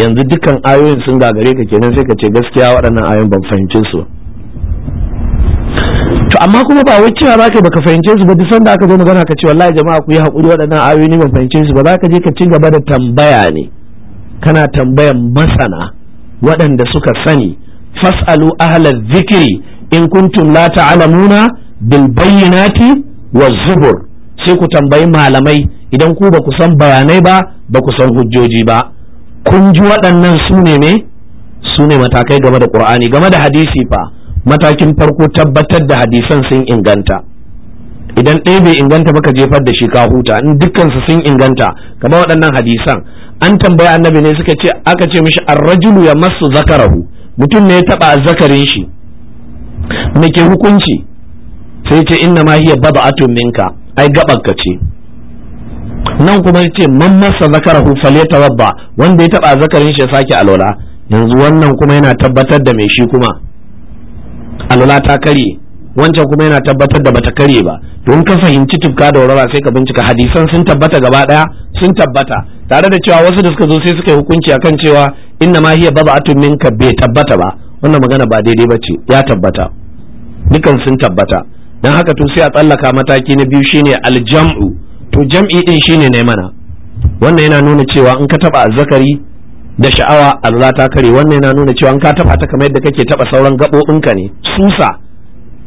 yanzu dukkan ayoyin sun gagare ka kenan sai ka ce gaskiya waɗannan ayoyin ban fahimce su to amma kuma ba wai cewa zaka baka fahimce su ba duk sanda aka zo magana ka ce wallahi jama'a ku yi hakuri waɗannan ayoyi ne ban fahimce su ba za ka je ka ci gaba da tambaya ne kana tambayan masana waɗanda suka sani fas'alu ahlal zikiri in kuntum la ta'lamuna bil bayyinati waz zubur sai ku tambayi malamai idan ku ba ku san bayanai ba ba ku san hujjoji ba kun ji waɗannan su ne me su ne matakai game da qur'ani game da hadisi fa matakin farko tabbatar da hadisan sun inganta idan ɗaya bai inganta baka jefar da shi ka huta in dukkansu sun inganta kamar waɗannan hadisan an tambaya annabi ne suka ce aka ce mishi arrajulu ya masu zakarahu mutum ne ya taɓa zakarin shi me ke hukunci sai ce inna ma hiya baba'atun minka ai gabanka ce nan kuma ya ce man masa zakarahu tawabba wanda ya taɓa zakarin shi ya sake alwala yanzu wannan kuma yana tabbatar da mai shi kuma alwala ta karye wancan kuma yana tabbatar da bata karye ba don ka fahimci tufka da wurara sai ka bincika hadisan sun tabbata gaba daya sun tabbata tare da cewa wasu da suka zo sai suka yi hukunci akan cewa inna ma hiya atun minka bai tabbata ba wannan magana ba daidai ba ce ya tabbata dukan sun tabbata dan haka to sai a tsallaka mataki na biyu shine aljam'u to jam'i din shine ne mana wannan yana nuna cewa in ka taba azzakari da sha'awa alwala ta kare wannan yana nuna cewa ka taba ta kamar yadda kake taba sauran gaɓoɓinka ne susa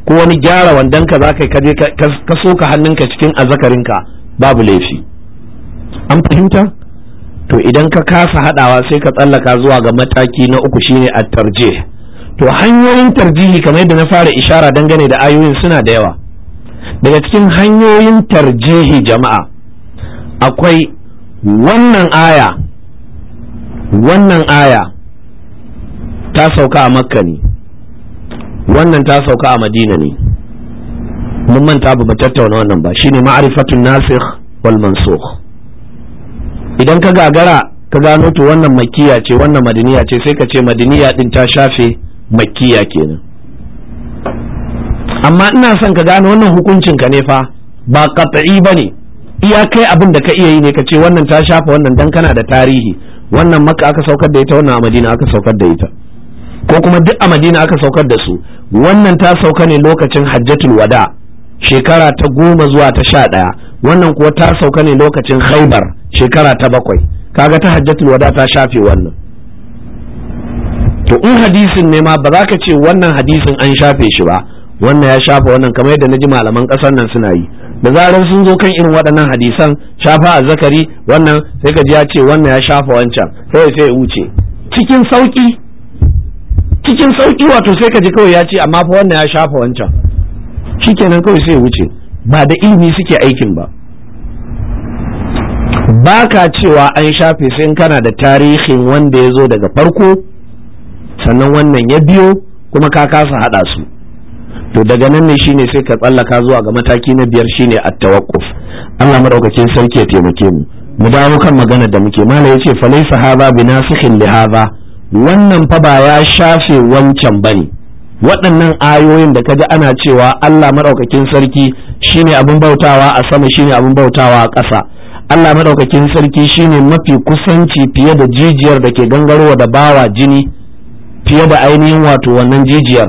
ko wani gyara wandonka za ka kaje ka soka hannunka cikin azzakarinka babu laifi an fahimta to idan ka kasa hadawa sai ka tsallaka zuwa ga mataki na uku shine a tarje to hanyoyin tarjihi kamar yadda na fara ishara dangane da ayoyin suna da yawa daga cikin hanyoyin tarjihi jama'a akwai wannan aya wannan aya ta sauka a makka ne wannan ta sauka a madina ne mun manta ba tattauna wannan ba shine ma'rifatun nasikh wal mansukh idan ka gagara ka gano to wannan makkiya ce wannan madiniya ce sai ka ce madiniya din ta shafe makkiya kenan amma ina son ka gano wannan hukuncin ka ne fa ba qat'i bane iya kai abin da ka iya yi ne ka ce wannan ta shafe wannan dan kana da tarihi wannan maka aka saukar da ita wannan a madina aka saukar da ita ko kuma duk a madina aka saukar da su wannan ta sauka ne lokacin hajjatul wada shekara ta goma zuwa ta sha ɗaya wannan kuwa ta sauka ne lokacin haibar shekara ta bakwai kaga ta hajjatul wada ta shafe wannan to in hadisin ne ma ba za ka ce wannan hadisin an shafe shi ba wannan ya shafa wannan kamar yadda na ji malaman ƙasar nan suna yi da zarar sun zo kan irin waɗannan hadisan shafa a zakari wannan sai ka ji ya ce wannan ya shafa wancan sai ya sai wuce cikin sauki cikin sauki wato sai ka ji kawai ya ce amma fa wannan ya shafa wancan shikenan kawai sai ya wuce ba da ilimi suke aikin ba ba ka cewa an shafe sai kana da tarihin wanda ya zo daga farko sannan wannan ya biyo kuma ka kasa haɗa su to daga nan ne shine sai ka tsallaka zuwa ga mataki na biyar shine at tawakkuf Allah madaukakin sarki ya taimake mu mu dawo kan magana da muke malai yace falaysa hadha binasikhin li hadha wannan fa ba ya shafe wancan bane waɗannan ayoyin da kaji ana cewa Allah madaukakin sarki shine abin bautawa a sama shine abin bautawa a ƙasa Allah madaukakin sarki shine mafi kusanci fiye da jijiyar da ke gangarowa da bawa jini fiye da ainihin wato wannan jijiyar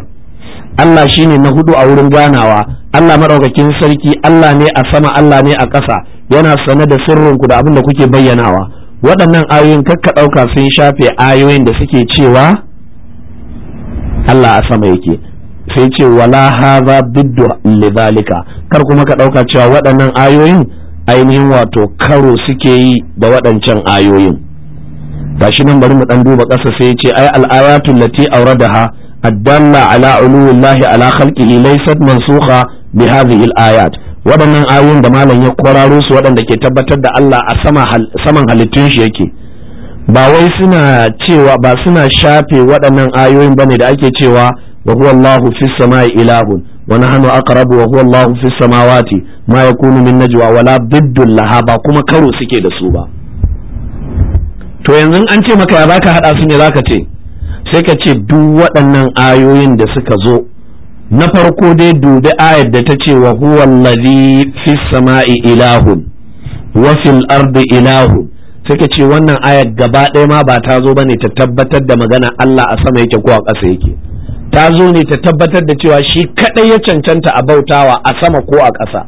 Allah shi ne na hudu a wurin ganawa Allah maɗaukakin sarki Allah ne a sama Allah ne a ƙasa yana sane da sirrinku da abin da kuke bayyanawa waɗannan ayoyin kakka ɗauka sun shafe ayoyin da suke cewa Allah a sama yake sai ce wala haza biddu lidhalika kar kuma ka ɗauka cewa waɗannan ayoyin ainihin wato karo suke yi da waɗancan ayoyin shi nan bari mu ɗan duba ƙasa sai ce ai al'ayatul lati auradaha الدالة على علو الله على خلقه ليست منسوخة بهذه الآيات waɗannan ayoyin da malam ya kwararo su waɗanda ke tabbatar da Allah a saman halittun shi yake ba wai suna cewa ba suna shafe waɗannan ayoyin bane da ake cewa wa huwa Allahu fis samai ilahun wa nahnu aqrabu wa huwa Allahu fis samawati ma yakunu min najwa wala biddul laha ba kuma karo suke da su ba to yanzu an ce maka ya baka hada su ne zaka ce sai ka ce duk waɗannan ayoyin da suka zo na farko dai dubi ayar da ta ce wa huwa allazi fis sama'i ilahun wa fil ardi ilahun sai ka ce wannan ayar gaba ɗaya ma ba ta zo bane ta tabbatar da magana Allah a sama yake ko a ƙasa yake ta zo ne ta tabbatar da cewa shi kaɗai ya cancanta a bautawa a sama ko a ƙasa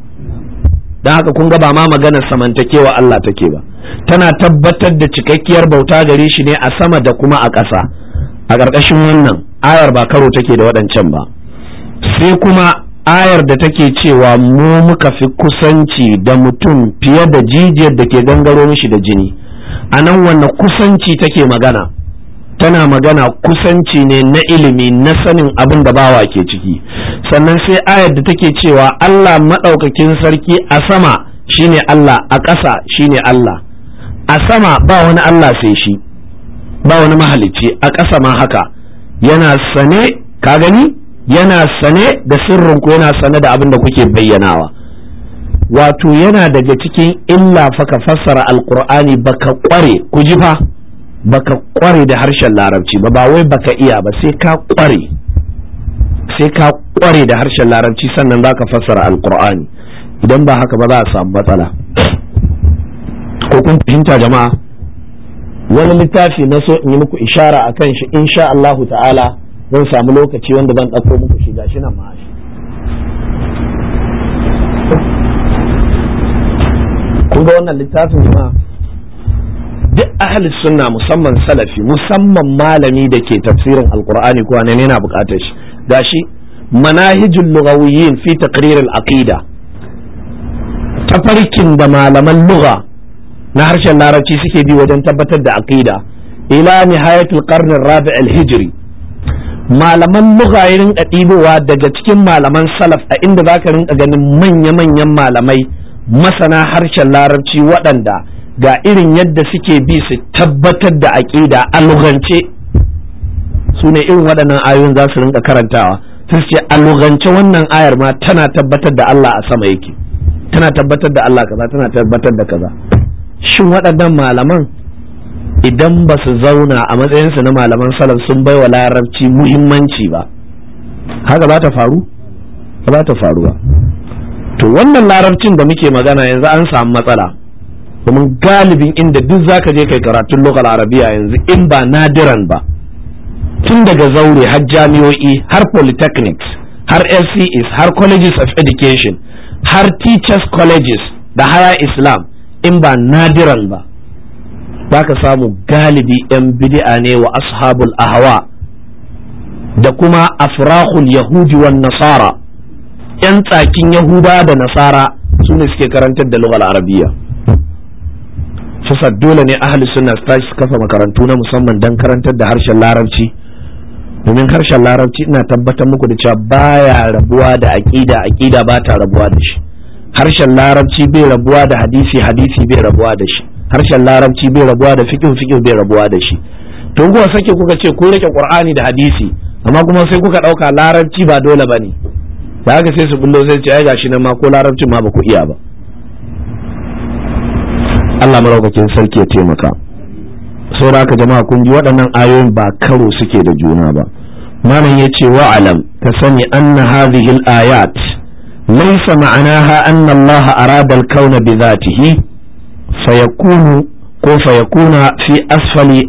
don haka kun ga ba ma maganar samantakewa Allah take ba tana tabbatar da cikakkiyar bauta gare shi ne a sama da kuma a ƙasa a ƙarƙashin wannan ayar ba karo take da waɗancan ba sai kuma ayar da take cewa mu muka fi kusanci da mutum fiye da jijiyar da ke gangaro mishi da jini a nan wanne kusanci take magana tana magana kusanci ne na ilimi na sanin abin da bawa ke ciki sannan sai ayar da take cewa Allah maɗaukakin sarki a sama shine Allah a ƙasa shine Allah a sama ba wani Allah sai shi ba wani mahalicci a ƙasa ma haka yana sane ka gani yana sane da sirrin ku yana sane da abin da kuke bayyanawa wato yana daga cikin illa fa ka fassara alqur'ani baka kware ku ji fa baka kware da harshen larabci ba ba wai baka iya ba sai ka kware sai ka kware da harshen larabci sannan zaka fassara alqur'ani idan ba haka ba za a samu matsala ko kun fahimta jama'a wani littafi na so in yi muku ishara a kan shi in Allahu ta'ala zan samu lokaci wanda zan ɗauko muku shi ga nan ma'ashi kun ga wannan littafin ma duk ahli sunna musamman salafi musamman malami da ke tafsirin alkur'ani ko ne yana bukatar shi shi manahijul lughawiyyin fi taqrir al aqida farkin da malaman lugha na harshen larabci suke bi wajen tabbatar da aqida ila nihayatul qarn rabi al-hijri malaman lugha ya rinka ɗibowa daga cikin malaman salaf a inda zaka rinka ganin manya-manyan malamai masana harshen larabci waɗanda ga irin yadda suke bi su tabbatar da aƙida a lugance su ne irin waɗannan ayoyin za su rinka karantawa su ce a lugance wannan ayar ma tana tabbatar da Allah a sama yake tana tabbatar da Allah kaza tana tabbatar da kaza shin waɗannan malaman idan ba su zauna a matsayinsu na malaman salaf sun baiwa larabci muhimmanci ba haka ba ta faru ba ta faru ba to wannan larabcin da muke magana yanzu an samu matsala domin galibin inda duk zaka je kai karatun lokal arabiya yanzu in ba nadiran ba tun daga zaure har jami'o'i har polytechnics har sces har colleges of education har teachers colleges da haya islam in ba nadiran ba za ka samu galibi 'yan bid'a ne wa ashabul ahawa da kuma afrahul yahudi wa nasara 'yan tsakin yahuda da nasara su ne suke karantar da lugal arabiya Fasad dole ne ahli suna su tashi su kafa makarantu na musamman don karantar da harshen larabci domin harshen larabci ina tabbatar muku da cewa baya rabuwa da aƙida aƙida ba ta rabuwa da shi harshen larabci bai rabuwa da hadisi hadisi bai rabuwa da shi harshen larabci bai rabuwa da fikin fikin bai rabuwa da shi to kuma sake kuka ce ku rike qur'ani da hadisi amma kuma sai kuka dauka larabci ba dole bane da haka sai su bullo sai ce ai gashi nan ma ko larabci ma ba ku iya ba Allah maraukakin sarki ya taimaka saboda haka jama'a kun ji waɗannan ayoyin ba karo suke da juna ba malam yace wa alam ka sani anna hadhihi al-ayat laisa ma'anaha anna Allah arada al-kauna bi zatihi fayakunu ko fayakuna fi asfali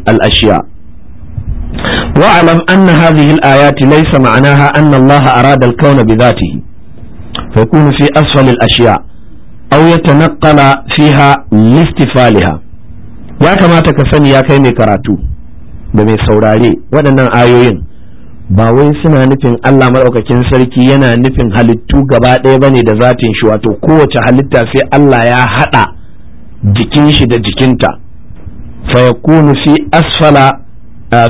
واعلم أن هذه الآيات ليس معناها أن الله أراد الكون بذاته فيكون في أسفل الأشياء أو يتنقل فيها لاستفالها ya kamata ka sani ya kai mai karatu da mai saurare waɗannan ayoyin ba wai suna nufin Allah maɗaukakin sarki yana nufin halittu gaba ɗaya ba ne da zatin shi wato kowace halitta sai Allah ya haɗa jikin shi da jikinta fayakunu fi asfala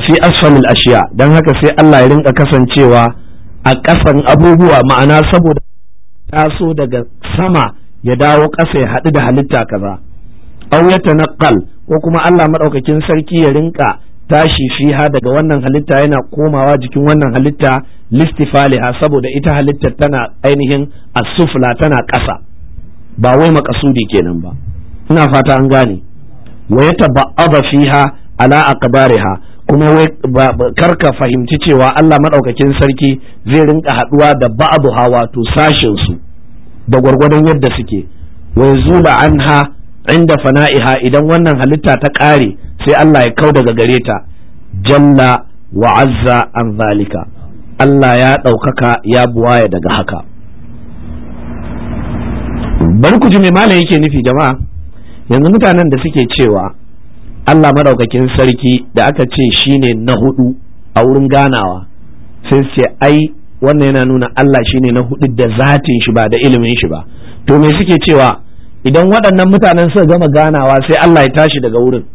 fi asfalil ashiya don haka sai Allah ya rinka kasancewa a ƙasan abubuwa ma'ana saboda taso daga sama ya dawo ƙasa ya haɗu da halitta kaza au ya ko kuma Allah maɗaukakin sarki ya rinka tashi fiha daga wannan halitta yana komawa jikin wannan halitta listifaliha saboda ita halittar tana ainihin asufla tana ƙasa ba wai makasudi kenan ba ina fata an gane wa ya taba'aba fiha ala aqbariha kuma wai karka fahimci cewa Allah madaukakin sarki zai rinka haduwa da ha wato sashin su da gwargwadon yadda suke zuba an anha inda fana'iha idan wannan halitta ta ƙare sai Allah ya kau daga gare ta jalla wa azza an zalika Allah ya ɗaukaka ya buwaya daga haka bari ku ji me malam yake nufi jama'a yanzu mutanen da suke cewa Allah madaukakin sarki da aka ce shine na hudu a wurin ganawa sai su ai wannan yana nuna Allah shine na hudu da zatin shi ba da ilimin shi ba to me suke cewa idan waɗannan mutanen suka gama ganawa sai Allah ya tashi daga wurin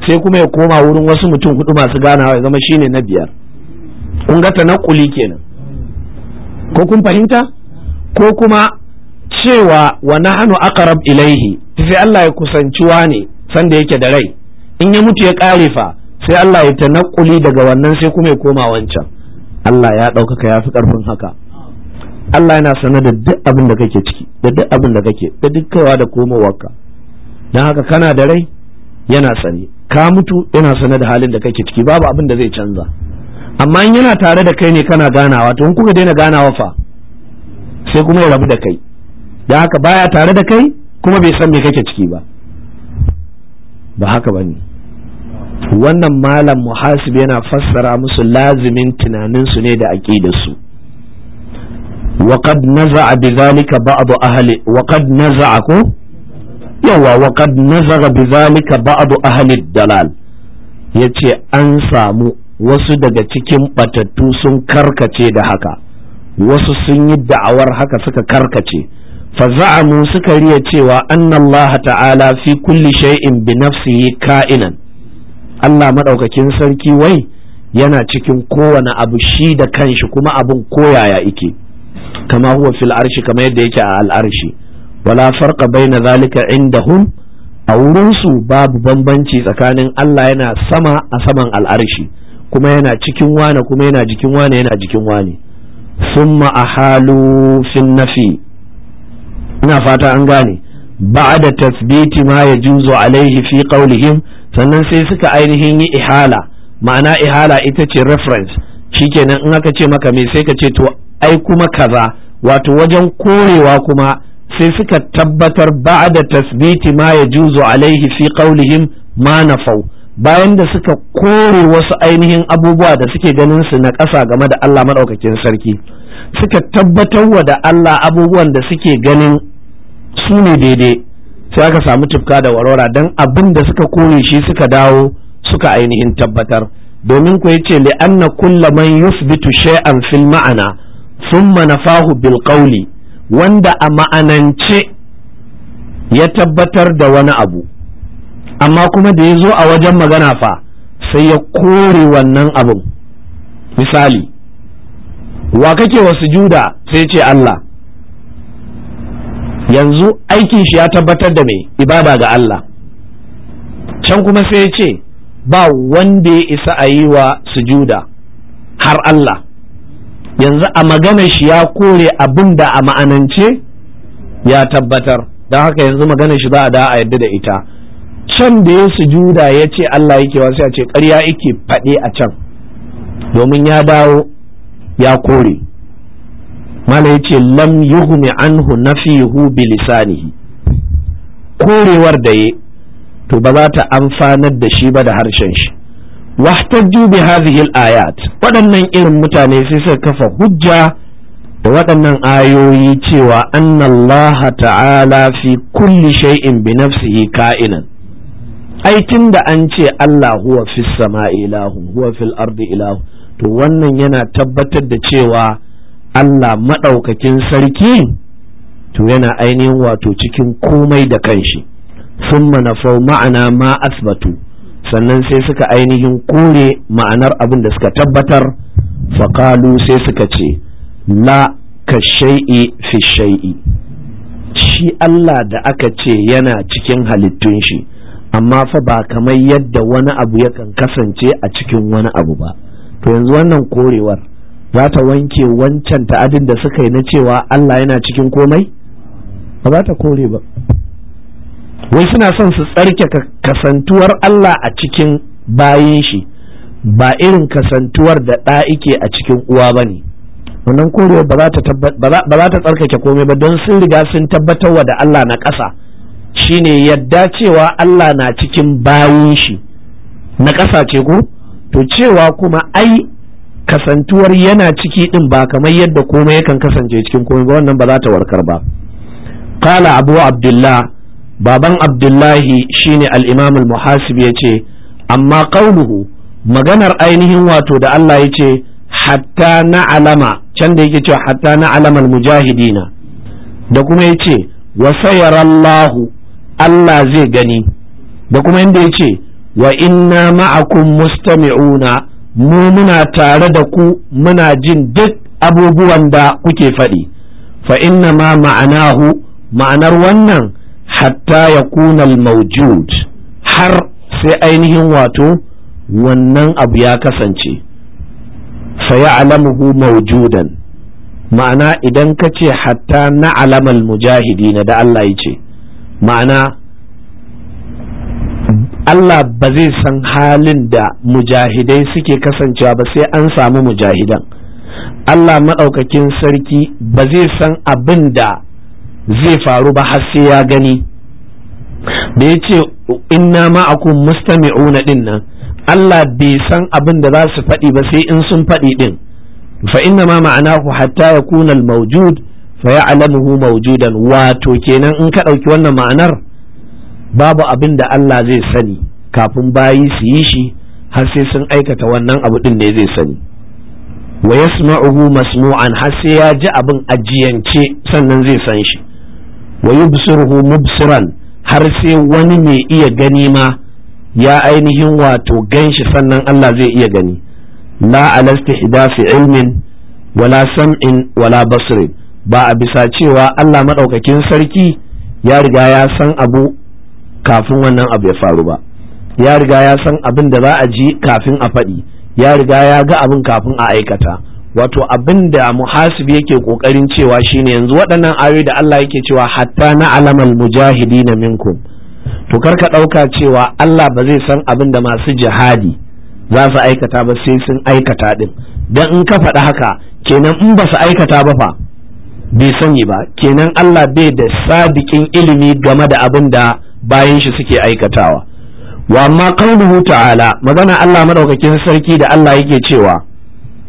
sai kuma ya koma wurin wasu mutum hudu masu ganawa ya zama shine na biyar kun ga tanakuli kenan ko kun fahimta ko kuma cewa wa nahnu aqrab ilaihi sai Allah ya kusanciwa ne sanda yake da rai in ya mutu ya kare fa sai Allah ya tanakuli daga wannan sai kuma ya koma wancan Allah ya ɗaukaka ya fi ƙarfin haka Allah yana sanar da duk abin da kake ciki da duk abin da kake da duk kaiwa da komowarka don haka kana da rai yana tsare, ka mutu yana sane da halin da kake ciki babu abin da zai canza amma in yana tare da kai ne kana ganawa to in kuka daina ganawa fa sai kuma ya rabu da kai da haka baya tare da kai kuma bai san me kake ciki ba ba haka ba ne wannan malam muhasib yana fassara musu lazimin tunanin su ne da naza'a bi zalika ba'd ahli wa qad naza'a ko yawa wa qad nazara bi zalika ba'du ahli dalal yace an samu wasu daga cikin batattu sun karkace da haka wasu sun yi da'awar haka suka karkace fa za'amu suka riya cewa annallaha ta'ala fi kulli shay'in bi nafsihi ka'inan Allah madaukakin sarki wai yana cikin kowane abu shi da kanshi kuma abun koyaya ike kama huwa fil arshi kama yadda yake a al'arshi wala farqa baina zalika indahum a wurinsu babu bambanci tsakanin Allah yana sama a saman al'arshi kuma yana cikin wane kuma yana jikin wane yana jikin wane summa ahalu fin nafi ina fata an gane ba'da tasbiti ma yajuzu alaihi fi him? sannan sai suka ainihin yi ihala ma'ana ihala ita ce reference shikenan in aka ce maka me sai ka ce to ai kuma kaza wato wajen korewa kuma sai suka tabbatar ba da tasbiti ma ya juzo alaihi fi qaulihim ma nafau bayan da suka kore wasu ainihin abubuwa da suke ganin su na ƙasa game da Allah maɗaukakin sarki suka tabbatar wa da Allah abubuwan da suke ganin su ne daidai sai aka samu tufka da warwara don abin da suka kore shi suka dawo suka ainihin tabbatar domin ku yace li anna kulla man yusbitu shay'an fil ma'ana thumma nafahu bil qawli wanda a ma'anance ya tabbatar da wani abu amma kuma da ya zo a wajen magana fa sai ya kore wannan abin misali wa kake wa sujuda sai ce Allah yanzu aikin shi ya tabbatar da mai ibada ga Allah can kuma sai ya ce ba wanda ya isa a yi wa sujuda har Allah yanzu a maganar shi ya kore abin da a ma'anance ya tabbatar don haka yanzu maganar shi za a da a yadda da ita can da ya sujuda ya ce Allah yake wasu ya ce karya yake faɗe a can domin ya dawo ya kore mala ya ce lam fi anhu nafihu bilisanihi korewar da ya to ba za ta amfanar da shi ba da harshen shi wahtajju bi hadhihi ayat waɗannan irin mutane sai suka kafa hujja da waɗannan ayoyi cewa annallaha ta'ala fi kulli shay'in bi nafsihi ka'inan ai da an ce Allah huwa fis sama'i ilahu huwa fil ardi ilahu to wannan yana tabbatar da cewa Allah maɗaukakin sarki to yana ainihin wato cikin komai da kanshi summa nafau ma'ana ma asbatu sannan sai suka ainihin kore ma'anar abin da suka tabbatar faƙalu sai suka ce la ka shai'i fi shai'i shi Allah da aka ce yana cikin halittun shi amma fa ba kamar yadda wani abu ya kan kasance a cikin wani abu ba to yanzu wannan korewar za ta wanke wancan ta'adin da suka yi na cewa Allah yana cikin komai ba za ta kore ba wai suna son su tsarke kasantuwar Allah a cikin bayin shi ba irin kasantuwar da ɗa ike a cikin uwa ba ne wannan korewar ba za ta tsarkake komai ba don sun riga sun tabbatar wa da Allah na ƙasa shine yadda cewa Allah na cikin bayin shi na ƙasa ce ko to cewa kuma ai kasantuwar yana ciki din ba kamar yadda komai yakan kasance cikin komai ba wannan ba za ta warkar ba qala abu abdullah baban abdullahi shine al-imam al-muhasib yace amma qauluhu maganar ainihin wato da Allah yace hatta na'lama can da yake cewa hatta na'lama al-mujahidina da kuma yace wa sayarallahu Allah zai gani da kuma inda yace wa inna ma'akum mustami'una mu muna tare da ku muna jin duk abubuwan da kuke faɗi fa inna ma ma'anahu ma'anar wannan hatta ya kunal maujud har sai ainihin wato wannan abu ya kasance faya'lamuhu maujudan ma'ana idan ka ce hatta na alamal na da Allah ya ce ma'ana Allah ba zai san halin da mujahidai suke kasancewa ba sai an samu mujahidan Allah maɗaukakin sarki ba zai san abin da zai faru ba har sai ya gani da ya ce inna ma'akum mustami'una din nan Allah bai san abin da za su faɗi ba sai in sun faɗi din fa inna ma ma'anahu hatta yakuna al-mawjud fa ya'lamuhu maujudan. wato kenan in ka ɗauki wannan ma'anar babu abin da Allah zai sani kafin bayi su yi shi har sai sun aikata wannan abu ɗin ne zai sani wa yasma'uhu masmu'an har sai ya ji abin ajiyance sannan zai san shi wa yubsiruhu mubsiran har sai wani mai iya gani ma ya ainihin wato ganshi sannan Allah zai iya gani la alasti hidafi ilmin wala sam'in wala basirin ba a bisa cewa Allah maɗaukakin sarki ya riga ya san abu kafin wannan abu ya faru ba ya riga ya san abin da za a ji kafin a faɗi ya riga ya ga abin kafin a aikata wato abin da muhasibi yake kokarin cewa shine yanzu waɗannan ayoyi da Allah yake cewa hatta na alamal mujahidina minkum to ka ɗauka cewa Allah ba zai san abin da masu jihadi za su aikata ba sai sun aikata din dan in ka faɗi haka kenan in ba su aikata ba fa bai sani ba kenan Allah bai da sadikin ilimi game da abin da bayan shi suke aikatawa wa amma qauluhu ta'ala magana Allah madaukakin sarki da Allah yake cewa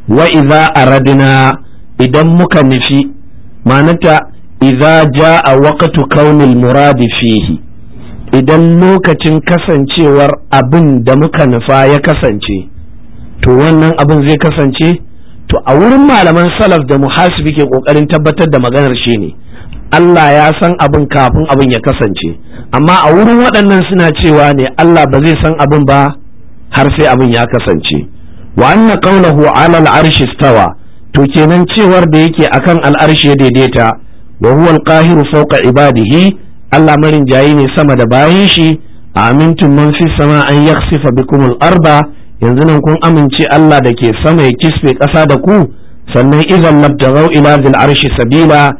wa idza aradna idan muka nufi manata idza jaa waqtu kaunil muradi fihi idan lokacin kasancewar abin da muka nufa ya kasance to wannan abin zai kasance to a wurin malaman salaf da muhasibi ke kokarin tabbatar da maganar shi ne Allah ya san abin kafin abin ya kasance amma a wurin waɗannan suna cewa ne Allah ba zai san abin ba har sai abin ya kasance wa anna qawluhu ala al-arshi istawa to kenan cewar da yake akan al'arshi ya daidaita wa huwa al-qahiru fawqa ibadihi Allah marin jayi ne sama da bayan shi amintum man fi sama an yakhsifa bikum al-arba yanzu nan kun amince Allah da ke sama ya kisbe ƙasa da ku sannan idan labtaghaw ila al arshi sabila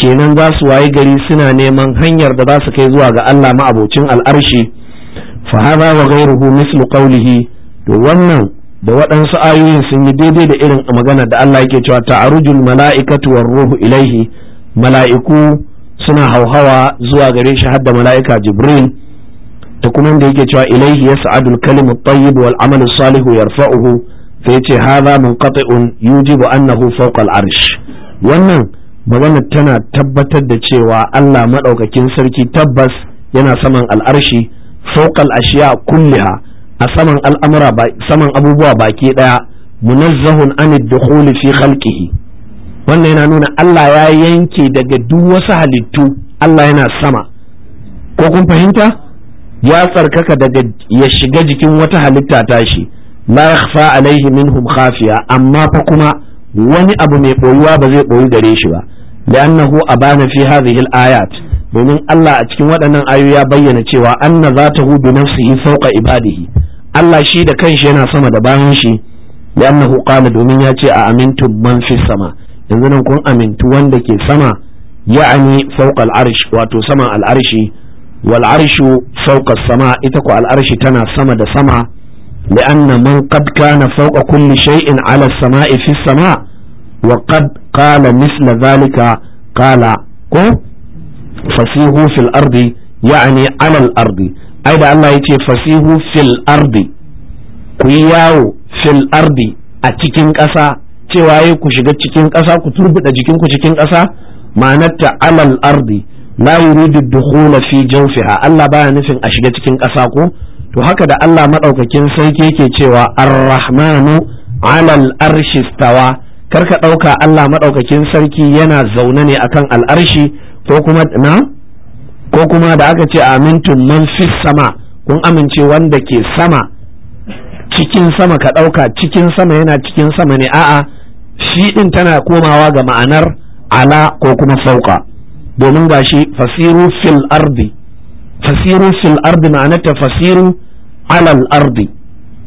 kenan za su wayi gari suna neman hanyar da za su kai zuwa ga Allah ma al al'arshi fa hada wa ghayruhu mislu qawlihi to wannan da waɗansu ayoyin sun yi daidai da irin magana da Allah yake cewa ta'arujul mala'ikatu war ruhu ilaihi mala'iku suna hauhawa zuwa gare shi hadda mala'ika jibril da kuma da yake cewa ilaihi yas'adul kalimu tayyib wal amalu salihu yarfa'uhu sai yace hadha munqati'un yujibu annahu fawqa al arsh wannan magana tana tabbatar da cewa Allah madaukakin sarki tabbas yana saman al'arshi fawqa al ashiya kulliha a saman al'amura saman abubuwa baki ɗaya munazzahun anid dukhuli fi khalqihi wannan yana nuna Allah ya yanke daga duk wasu halittu Allah yana sama ko kun fahimta ya tsarkaka daga ya shiga jikin wata halitta tashi la yakhfa alaihi minhum khafiya amma fa kuma wani abu mai boyuwa ba zai boyi gare shi ba li'annahu abana fi hadhihi al-ayat domin Allah a cikin waɗannan ayoyi ya bayyana cewa zata zatahu bi nafsihi fawqa ibadihi Allah shi da kanshi yana sama da bayan shi li'annahu qala domin ya ce a amintu man fi sama yanzu nan kun amintu wanda ke sama ya'ani fawqa al-arsh wato sama al-arshi wal arshu fawqa sama ita ko al-arshi tana sama da sama li'anna man qad kana fawqa kulli shay'in 'ala as-sama'i fi sama wa qad qala mithla dhalika ko fasihu fil ardi ya'ani 'ala ardi ai da Allah ya ce fasihu fil ardi ku yi yawo fil ardi a cikin ƙasa cewa yi ku shiga cikin ƙasa ku turbuɗa jikinku cikin ƙasa ma'anarta alal ardi la yuridu dukhula fi jawfiha Allah baya nufin a shiga cikin ƙasa ko to haka da Allah madaukakin sarki ke cewa arrahmanu alal arshi stawa karka ɗauka Allah madaukakin sarki yana zaune ne akan al'arshi ko kuma na ko kuma da aka ce amintun man fis sama kun amince wanda ke sama cikin sama ka ɗauka cikin sama yana cikin sama ne a'a shi ɗin tana komawa ga ma'anar ala ko kuma sauka domin gashi fasiru fil ardi fasiru fil ardi ma'anarta fasiru alal ardi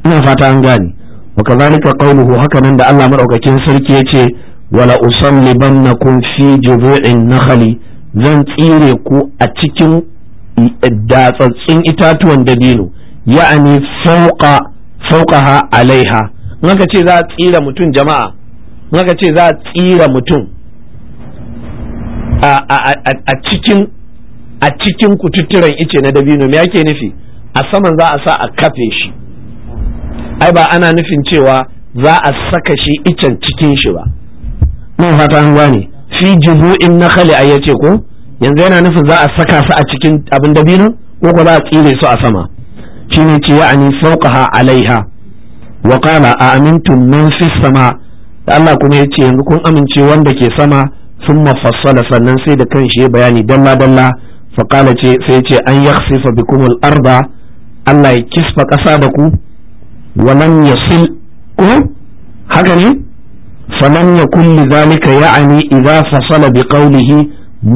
ina fata an gane wa kazalika qawluhu haka nan da Allah madaukakin sarki yace wala usallibannakum fi jubu'in nakhli zan tsire ku a cikin datsatsin itatuwan dabino ya'ani fauka fauqaha alaiha naka ce za a tsira mutum jama'a naka ce za a tsira mutum a cikin a cikin kututturen ice na dabino me yake nufi a saman za a sa a kafe shi ai ba ana nufin cewa za a saka shi icen cikin shi ba mun fata an gane fi na khali a yace ko yanzu yana nufin za a saka su a cikin abin dabino ko ko za a tsire su a sama shine ce ya'ani fawqaha alaiha wa qala a amintum man fi sama da Allah kuma ya ce yanzu kun amince wanda ke sama sun mafassala sannan sai da kan shi bayani dalla dalla faƙala ce sai ce an yakhsifa bikumul arda Allah ya kisfa ƙasa da ku wa ya yasil ko haka ne falam yakun li zalika ya'ni idza fasala bi qawlihi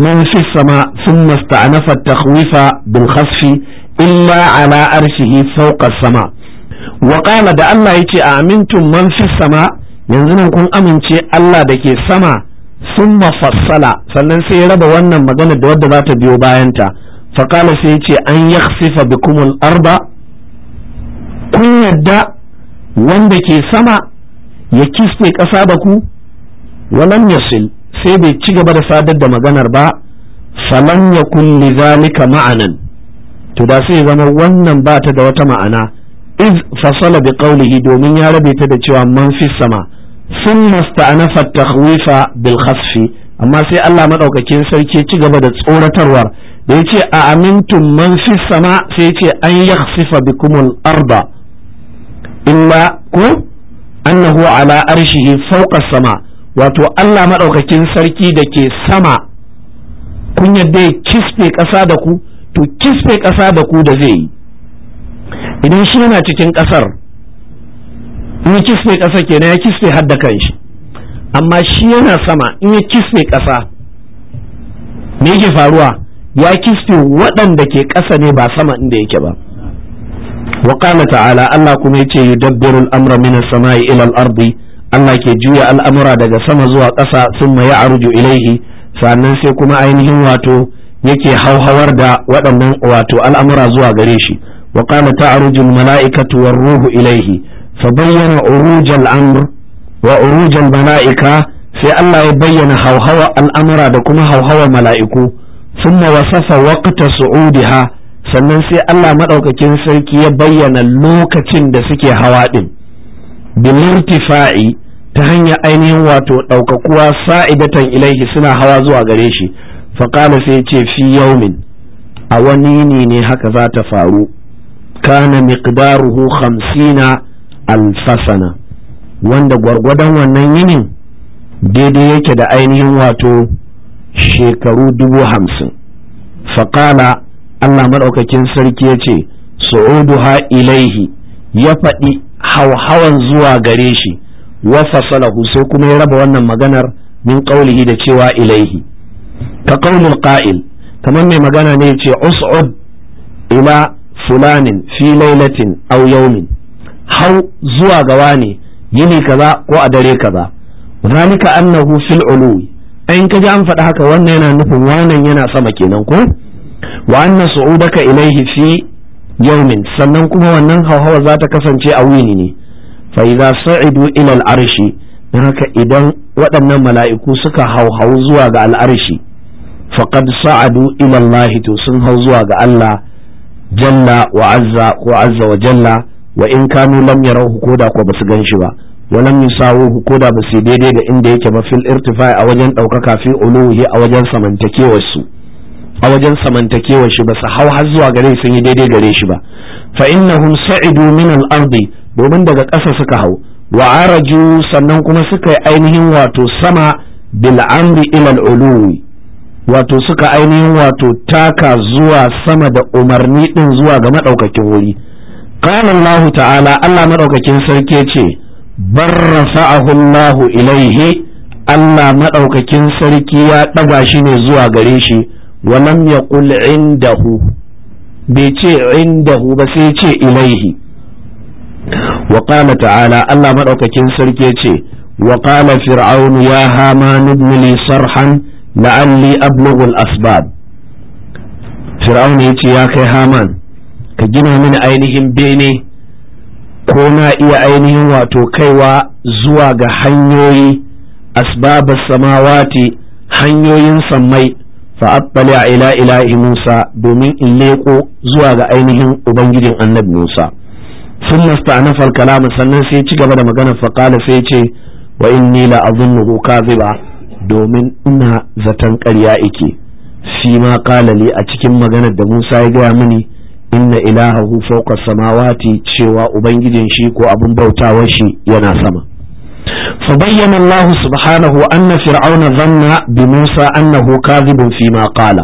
man fi sama thumma ista'nafa at-takhwifa bil illa ala arshihi sama wa da Allah yace a man fi sama yanzu nan kun amince Allah da ke sama thumma fassala sannan sai ya raba wannan maganar da wadda za ta biyo bayanta faƙala sai ya ce an yakhsifa bikumul arba kun yarda wanda ke sama ya kisfe ƙasa ba ku walam yasil sai bai ci gaba da sadar da maganar ba falan ya kulli zalika ma'anan to da sai zama wannan ba ta da wata ma'ana iz fasala bi qawlihi domin ya rabe ta da cewa man fi sama sun sta'anafa takhwifa bil khasfi amma sai Allah madaukakin sarki ci gaba da tsoratarwar da yace a amintum man fi sama sai yace an yakhsifa bikumul arda illa ku annahu ala arshihi fawqa sama wato Allah madaukakin sarki da ke sama kun yadda ya kisfe ƙasa da ku to kisfe ƙasa da ku da zai yi idan shi yana cikin ƙasar in ya kisfe ƙasa kenan ya kisfe har da kanshi amma shi yana sama in ya kisfe ƙasa me yake faruwa ya kisfe waɗanda ke ƙasa ne ba sama inda yake ba wa qala ta'ala Allah kuma yace yudabbiru al-amra min as-sama'i ila al-ardi Allah ke juya al'amura daga sama zuwa ƙasa thumma ya'ruju ilaihi sannan sai kuma ainihin wato yake hauhawar da waɗannan wato al'amura zuwa gare shi wa qala ta'ruju al-mala'ikatu ruhu ilaihi fa bayyana uruj al malaika sai Allah ya bayyana hauhawa al'amura da kuma hauhawar mala'iku thumma wasafa waqta su'udiha sannan sai Allah maɗaukakin sarki ya bayyana lokacin da suke hawa ɗin bilirtifa'i ta hanyar ainihin wato ɗaukakuwa sa'idatan ilaihi suna hawa zuwa gare shi faƙala sai ce fi yaumin a wani ne ne haka za ta faru kana miqdaruhu hamsina alfasana wanda gwargwadon wannan yinin daidai yake da ainihin wato shekaru dubu hamsin faƙala Allah maɗaukakin sarki ya ce ha ilaihi ya faɗi hauhawan zuwa gare shi wa fasalahu sai kuma ya raba wannan maganar min qaulihi da cewa ilaihi ka qaulul qa'il kamar mai magana ne ce us'ud ila fulanin fi lailatin aw yawmin hau zuwa gawa ne yini kaza ko a dare kaza zalika annahu fil ulu in kaji an faɗi haka wannan yana nufin wannan yana sama kenan ko wa anna su'udaka ilaihi fi yawmin sannan kuma wannan hauhawa za ta kasance a wuni ne fa idza sa'idu ila al haka idan waɗannan mala'iku suka hauhau zuwa ga al'arshi faqad sa'adu ila Allah to sun hau zuwa ga Allah jalla wa azza ko azza wa jalla wa in kanu lam yarahu koda ko basu ganshi ba wa lam yusawu koda basu daidai da inda yake ba fil irtifai a wajen ɗaukaka fi uluhi a wajen samantakewar su a wajen samantakewar shi ba su hau har zuwa gare sun yi daidai gare shi ba fa innahum sa'idu min al-ardi domin daga ƙasa suka hau wa araju sannan kuma suka yi ainihin wato sama bil amri ila al wato suka ainihin wato taka zuwa sama da umarni din zuwa ga madaukakin wuri qala Allah ta'ala Allah madaukakin sarki ce barrafa'ahu Allah ilaihi Allah maɗaukakin sarki ya daga shi ne zuwa gare shi walam ya indahu bai ce indahu ba sai ce ilaihi wa qala ta'ala Allah madaukakin sarki ce wa qala fir'aunu ya haman ibn li sarhan la'alli ablughu al-asbab fir'aun yace ya kai haman ka gina mini ainihin bene ko na iya ainihin wato kaiwa zuwa ga hanyoyi asbabas samawati hanyoyin samai. a ila ilahi Musa domin in leko zuwa ga ainihin ubangijin annabi Musa sun masta'anafa al-kalam sannan sai ci gaba da magana faqala sai ce wa inni la azunnuhu kadhiba domin ina zaton ƙarya yake shi ma qala li a cikin maganar da Musa ya gaya mini inna ilahahu fawqa samawati cewa ubangijin shi ko abin bautawar shi yana sama فبين الله سبحانه أن فرعون ظن بموسى أنه كاذب فيما قال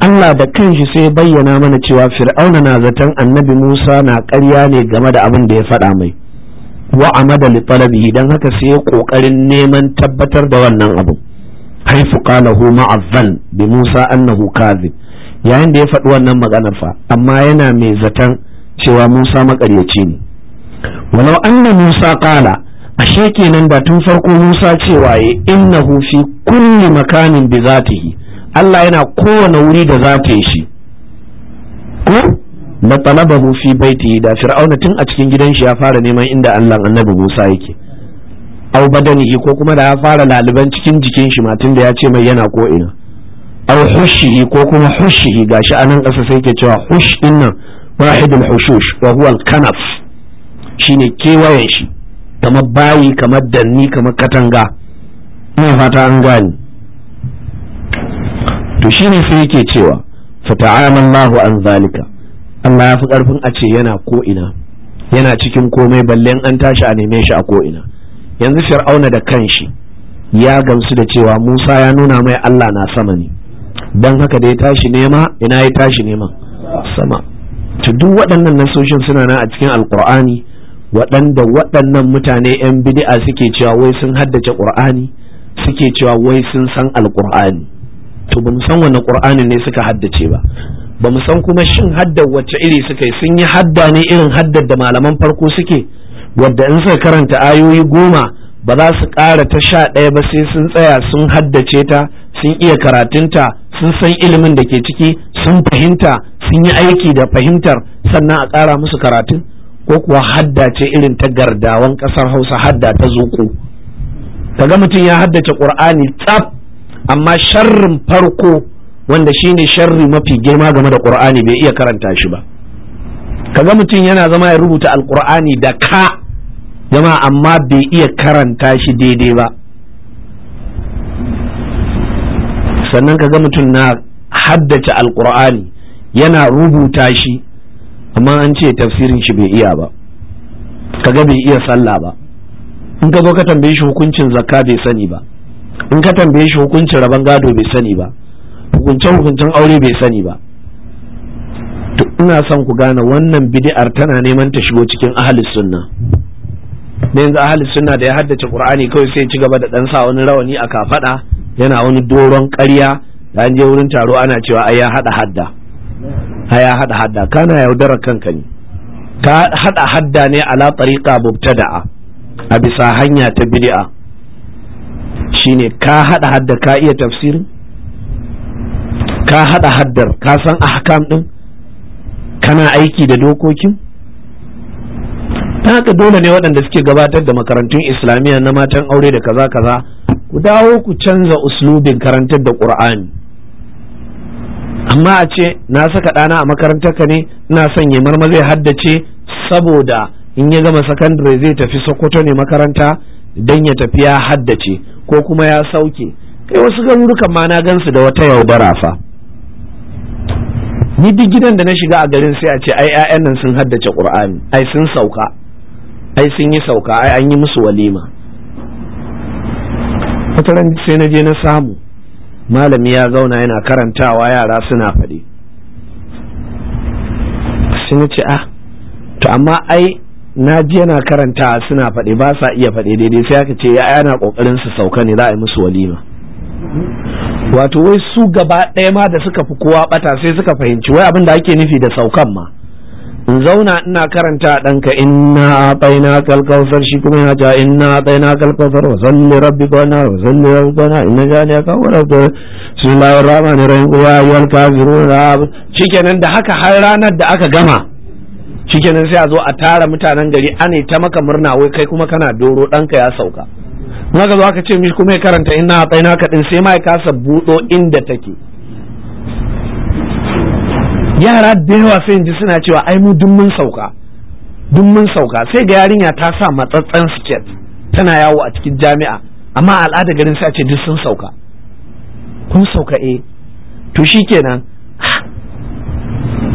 Allah da kanshi sai bayyana mana cewa Fir'auna na zaton Annabi Musa na ƙarya ne game da abin da ya faɗa mai wa amada li dan haka sai ya kokarin neman tabbatar da wannan abu haifu qalahu ma'azzan bi Musa annahu kadhib yayin da ya faɗi wannan maganar fa amma yana mai zaton cewa Musa maƙaryaci ne walau anna Musa qala ashe kenan da tun farko Musa cewa ya innahu fi kulli makanin bi zatihi Allah yana kowane wuri da yi shi ko na bai fi baiti da fir'auna tun a cikin gidan shi ya fara neman inda Allah annabi Musa yake aw badanihi ko kuma da ya fara laliban cikin jikin shi matun da ya ce mai yana ko ina aw hushihi ko kuma hushihi gashi anan kasa sai ke cewa hush inna wahidul hushush wa huwa al-kanaf shine kewayen shi kamar bayi kamar danni kamar katanga ina fata an gani to shine sai yake cewa fata'amallahu an zalika Allah ya fi karfin a ce yana ko ina yana cikin komai in an tashi a neme shi a ko ina yanzu fir'auna da kanshi ya gamsu da cewa Musa ya nuna mai Allah na sama ne dan haka da ya tashi nema ina ya tashi nema sama to duk waɗannan nasoshin suna nan a cikin alkur'ani waɗanda waɗannan mutane 'yan bid'a suke cewa wai sun haddace ƙur'ani suke cewa wai sun san alƙur'ani to ba mu san wani ƙur'ani ne suka haddace ba ba mu san kuma shin haddar wacce iri suka yi sun yi hadda ne irin haddar da malaman farko suke wadda in suka karanta ayoyi goma ba za su ƙara ta sha ɗaya ba sai sun tsaya sun haddace ta sun iya karatunta sun san ilimin da ke ciki sun fahimta sun yi aiki da fahimtar sannan a ƙara musu karatun ko kuwa hadda ce irin ta gardawan ƙasar hausa hadda ta zuƙu kaga mutum ya haddace ƙur'ani tsaf amma sharrin farko wanda shine sharri mafi girma game da ƙur'ani bai iya karanta shi ba kaga mutum yana zama ya rubuta alƙur'ani da ka jama'a amma bai iya karanta shi daidai ba sannan kaga mutum na haddace alƙur'ani yana rubuta shi amma an ce tafsirin shi bai iya ba kaga bai iya sallah ba in ka zo ka tambaye shi hukuncin zakka bai sani ba in ka tambaye shi hukuncin raban gado bai sani ba hukuncen hukuncen aure bai sani ba to ina son ku gane wannan bid'ar tana neman ta shigo cikin ahlus sunna ne yanzu ahlus sunna da ya haddace qur'ani kawai sai ci gaba da dan sa wani rawani a kafada yana wani doron ƙarya da an je wurin taro ana cewa ai ya hada hadda haya hada hadda kana yaudara kanka ne ka hada hadda ne ala tariqa mubtada'a a bisa hanya ta bid'a shine ka hada hadda ka iya tafsirin ka hada haddar ka san ahkam din kana aiki da dokokin ta haka dole ne waɗanda suke gabatar da makarantun islamiyya na matan aure da kaza kaza ku dawo ku canza uslubin karantar da ƙur'ani amma a ce na saka ɗana a makarantar ka ne ina son ya marma zai haddace saboda in ya gama sakandare zai tafi sokoto ne makaranta don ya tafi ya haddace ko kuma ya sauke kai wasu garurukan ma na gansu da wata yaudara fa ni duk gidan da na shiga a garin sai a ce ai nan sun haddace qur'ani ai sun sauka ai sun yi sauka ai an yi musu walima wata sai na je na samu malami ya zauna yana karantawa yara suna faɗi sun ce ah to amma ai na ji yana karanta suna faɗi ba sa iya faɗi daidai sai aka ce ya yana ƙoƙarin su sauka ne za a yi musu walima wato wai su gaba ɗaya ma da suka fi kowa ɓata sai suka fahimci wai abin da ake nufi da saukan ma in zauna ina karanta ɗanka inna ɓaina kalkausar shi kuma yana cewa inna ɓaina kalkausar wa salli rabbi kwana wa salli rabbi kwana inna jani ya kawo rabbi bismillahir rahmanir rahim wa ayyuhal kafirun shikenan da haka har ranar da aka gama shikenan sai a zo a tara mutanen gari ana ta maka murna wai kai kuma kana doro ɗanka ya sauka kuma ka zo aka ce mi kuma ya karanta inna ɓaina ka sai ma ya kasa buɗo inda take yara da yawa sai ji suna cewa ai mu duk mun sauka duk mun sauka sai ga yarinya ta sa matsatsen siket tana yawo a cikin jami'a amma al'ada garin sai a ce duk sun sauka kun sauka eh to shikenan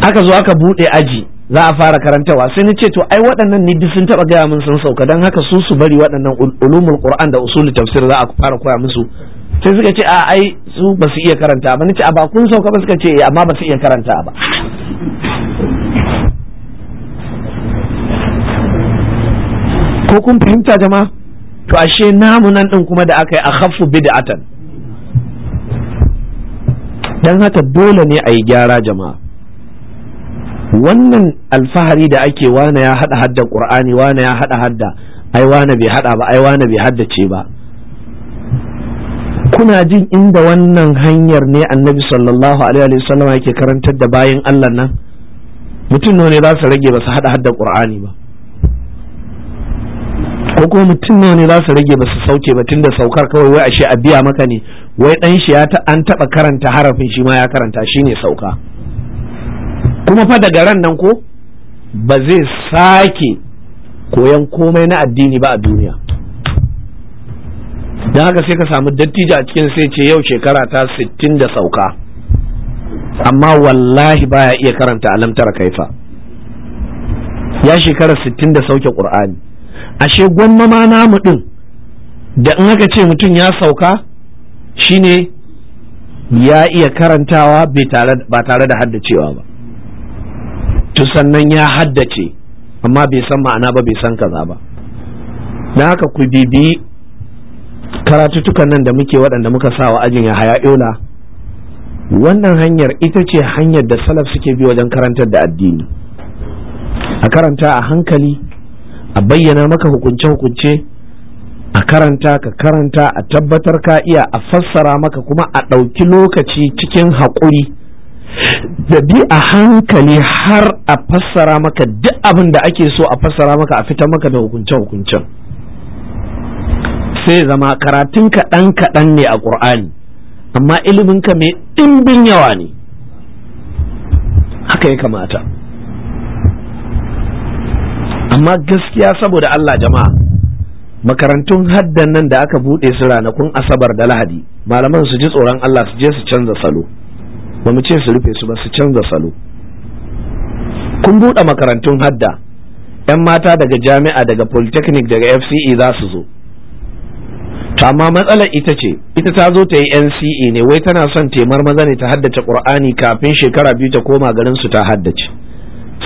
aka zo aka bude aji za a fara karantawa sai ni ce to ai waɗannan ni duk sun taɓa gaya min sun sauka dan haka su su bari waɗannan ulumul qur'an da usul tafsir za a fara koya musu sai suka ce a ai su ba su iya karanta ba nace a ba kun sauka ba suka ce eh, amma ba su iya karanta ba ko kun fahimta jama'a to ashe namu nan din kuma da aka yi a khaffu bid'atan dan haka dole ne a yi gyara jama'a wannan alfahari da ake wane ya hada hadda qur'ani wane ya hada hadda ai wane bai hada ba ai wane bai haddace ba kuna jin inda wannan hanyar ne annabi sallallahu alaihi wasallam yake karantar da bayan Allah nan mutum ne za su rage ba su hada hadda qur'ani ba ko kuma mutum ne za su rage ba su sauke ba tunda saukar kawai wai ashe a biya maka ne wai dan shi ya ta an taba karanta harafin shi ma ya karanta shine sauka kuma fa daga ran nan ko ba zai sake koyan komai na addini ba a duniya da haka sai ka samu dattijo a cikin sai ce yau shekara ta sittin da sauka amma wallahi baya iya karanta alamtar kaifa ya shekara sittin da sauke ƙur'ani ashe gwamma ma namu ɗin da in aka ce mutum ya sauka shine ya iya karantawa ba tare da haddacewa ba to sannan ya haddace amma bai san ma'ana ba bai san kaza ba don haka ku bibi karatutukan nan da muke waɗanda muka sa wa ajin ya haya yola, wannan hanyar ita ce hanyar da salaf suke bi wajen karantar da addini a karanta a hankali a bayyana maka hukunce-hukunce a karanta ka karanta a tabbatar ka iya a fassara maka kuma a ɗauki lokaci cikin haƙuri da bi a hankali har a fassara maka duk abin da ake so a fassara maka a fitar maka da hukunce-hukuncen sai zama karatun kaɗan kaɗan ne a ƙur'ani amma iliminka mai ɗimbin yawa ne haka ya kamata amma gaskiya saboda Allah jama'a makarantun haddan nan da aka buɗe su ranakun asabar da lahadi malaman su ji tsoron Allah su je su canza salo ba mu ce su rufe su ba su canza salo kun buɗe makarantun hadda 'yan mata daga jami'a daga polytechnic daga fce za su zo to amma matsalar ita ce ita ta zo ta yi NCE ne wai tana son taimar maza ne ta haddace Qur'ani kafin shekara biyu ta koma garin su ta haddace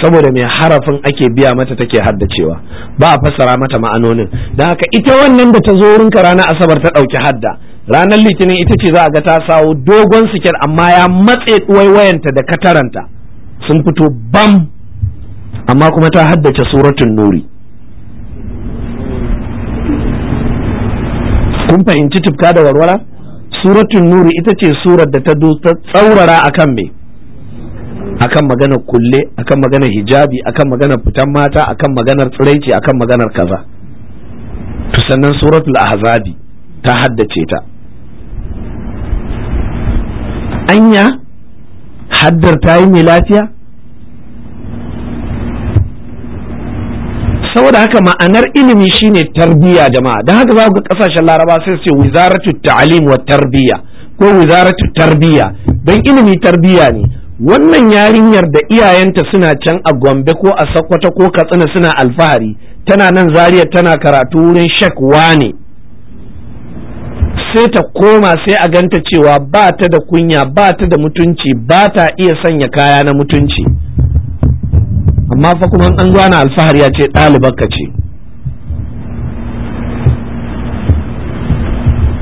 saboda mai harafin ake biya mata take haddacewa ba a fassara mata ma'anonin don haka ita wannan da ta zo rinka ranar asabar ta ɗauki hadda ranar litinin ita ce za a ga ta sawo dogon sikir amma ya matse waiwayanta da kataranta sun fito bam amma kuma ta haddace suratun nuri kun fahimci tufka da warwara suratun nuri ita ce surar da ta tsaurara akan me akan maganar kulle akan maganar hijabi akan maganar fitan mata akan maganar tsiraici akan maganar kaza to sannan suratul ahzabi ta haddace ta anya haddar ta yi mai lafiya saboda haka ma'anar ilimi shine tarbiyya jama'a don haka za ku kasashen laraba sai su ce wizaratu ta'alim wa tarbiyya ko wizaratu tarbiyya don ilimi tarbiyya ne wannan yarinyar da iyayenta suna can a gombe ko a sokoto ko katsina suna alfahari tana nan zaria tana karatu wurin shakwa ne sai ta koma sai a ganta cewa ba ta da kunya ba ta da mutunci ba ta iya sanya kaya na mutunci amma fa kuma an zuwa na alfahar ya ce ɗalibarka ce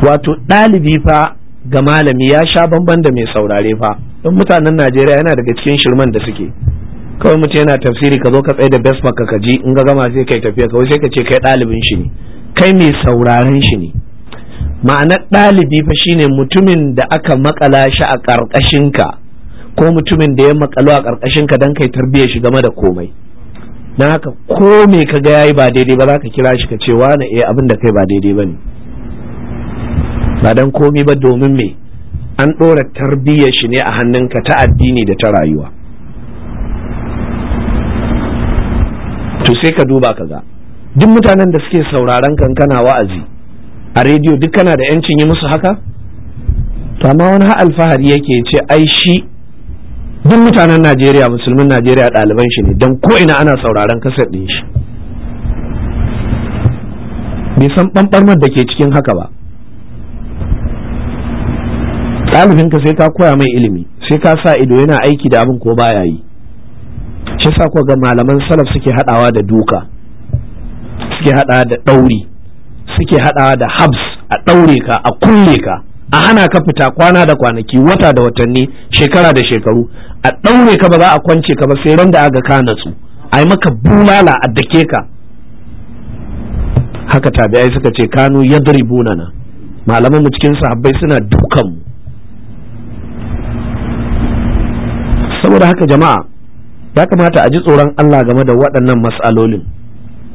wato ɗalibi fa ga malami ya sha bamban da mai saurare fa don mutanen najeriya yana daga cikin shirman da suke kawai mutum yana tafsiri ka zo ka tsaye da besma ka ji in ga gama sai kai tafiya kawai sai ka ce kai ɗalibin shi ne kai mai sauraren shi ne ma'anar ɗalibi fa shine mutumin da aka makala shi a ƙarƙashinka ko mutumin da ya makalo a ƙarƙashin ka dan kai tarbiyya shi game da komai na haka ko me ka ga yayi ba daidai ba za ka kira shi ka ce wani eh abin da kai ba daidai bane ba dan komai ba domin me an ɗora tarbiyyar shi ne a hannunka ta addini da ta rayuwa to sai ka duba ka ga duk mutanen da suke sauraron kan kana wa'azi a rediyo duk kana da yancin yi musu haka to amma wani har alfahari yake ce ai shi duk mutanen najeriya musulmin najeriya ɗaliban shi ne don ko ina ana sauraron kasar ɗin shi bai san ɓanɓarmar da ke cikin haka ba ɗalibinka sai ka koya mai ilimi sai ka sa ido yana aiki da abin ko baya yi shi sa ga malaman salaf suke haɗawa da duka suke haɗawa da ɗauri suke haɗawa da habs a ɗaure ka a kulle ka a hana ka fita kwana da kwanaki wata da watanni shekara da shekaru a ɗaure ka ba za a kwance ka ba sai ran da aga kana su ai maka bulala a dake ka haka tabi'ai suka ce kanu yadribuna na malaman mu cikin sahabbai suna dukan saboda haka jama'a ya kamata a ji tsoron Allah game da waɗannan matsalolin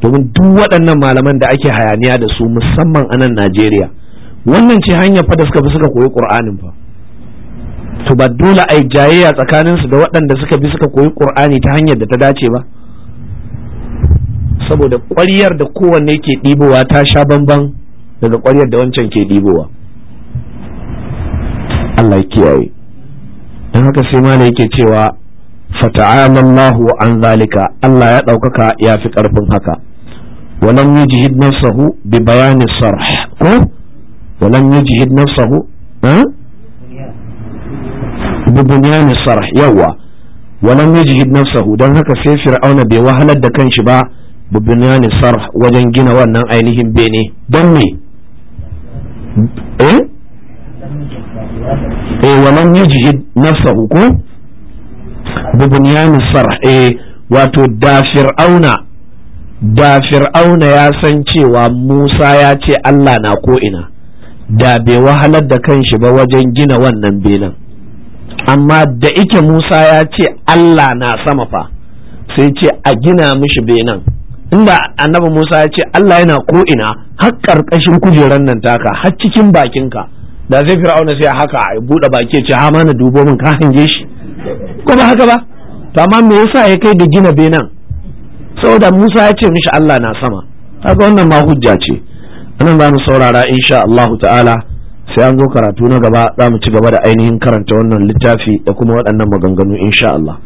domin duk waɗannan malaman da ake hayaniya da su musamman a nan Najeriya wannan ce hanyar fa da suka bi suka koyi qur'anin fa to ba dole ai jayayya tsakaninsu da waɗanda suka bi suka koyi qur'ani ta hanyar da ta dace ba saboda ƙwaryar da kowanne ke ɗibowa ta sha bamban daga ƙwaryar da wancan ke ɗibowa Allah ya kiyaye don haka sai mana yake cewa fata'alallahu an zalika Allah ya ɗaukaka ya fi ƙarfin haka Wannan yujhid nafsahu bi bayani sarh ko walam yujhid nafsahu bubunyan sarh yawa walam yujhid nafsahu dan haka sai fir'auna bai wahalar da kanshi ba bubunyan sarh wajen gina wannan ainihin bene dan me eh eh walam nafsahu ko bubunyan sarh eh wato da da fir'auna ya san cewa Musa ya ce Allah na ko'ina da bai wahalar da kanshi ba wajen gina wannan benen amma da ike musa ya ce allah na sama fa sai ce a gina mishi benen inda annabi musa ya ce allah yana ko'ina har ƙarƙashin kujeran nan taka har cikin bakinka da zai fir'auna sai haka a buɗe baki ce ha mana dubo min ka hange shi ko ba haka ba to amma me yasa ya kai da gina benen saboda musa ya ce mishi allah na sama kaga wannan ma hujja ce anan za mu saurara insha Allah ta'ala sai an zo karatu na gaba za mu ci gaba da ainihin karanta wannan littafi da kuma waɗannan maganganu insha Allah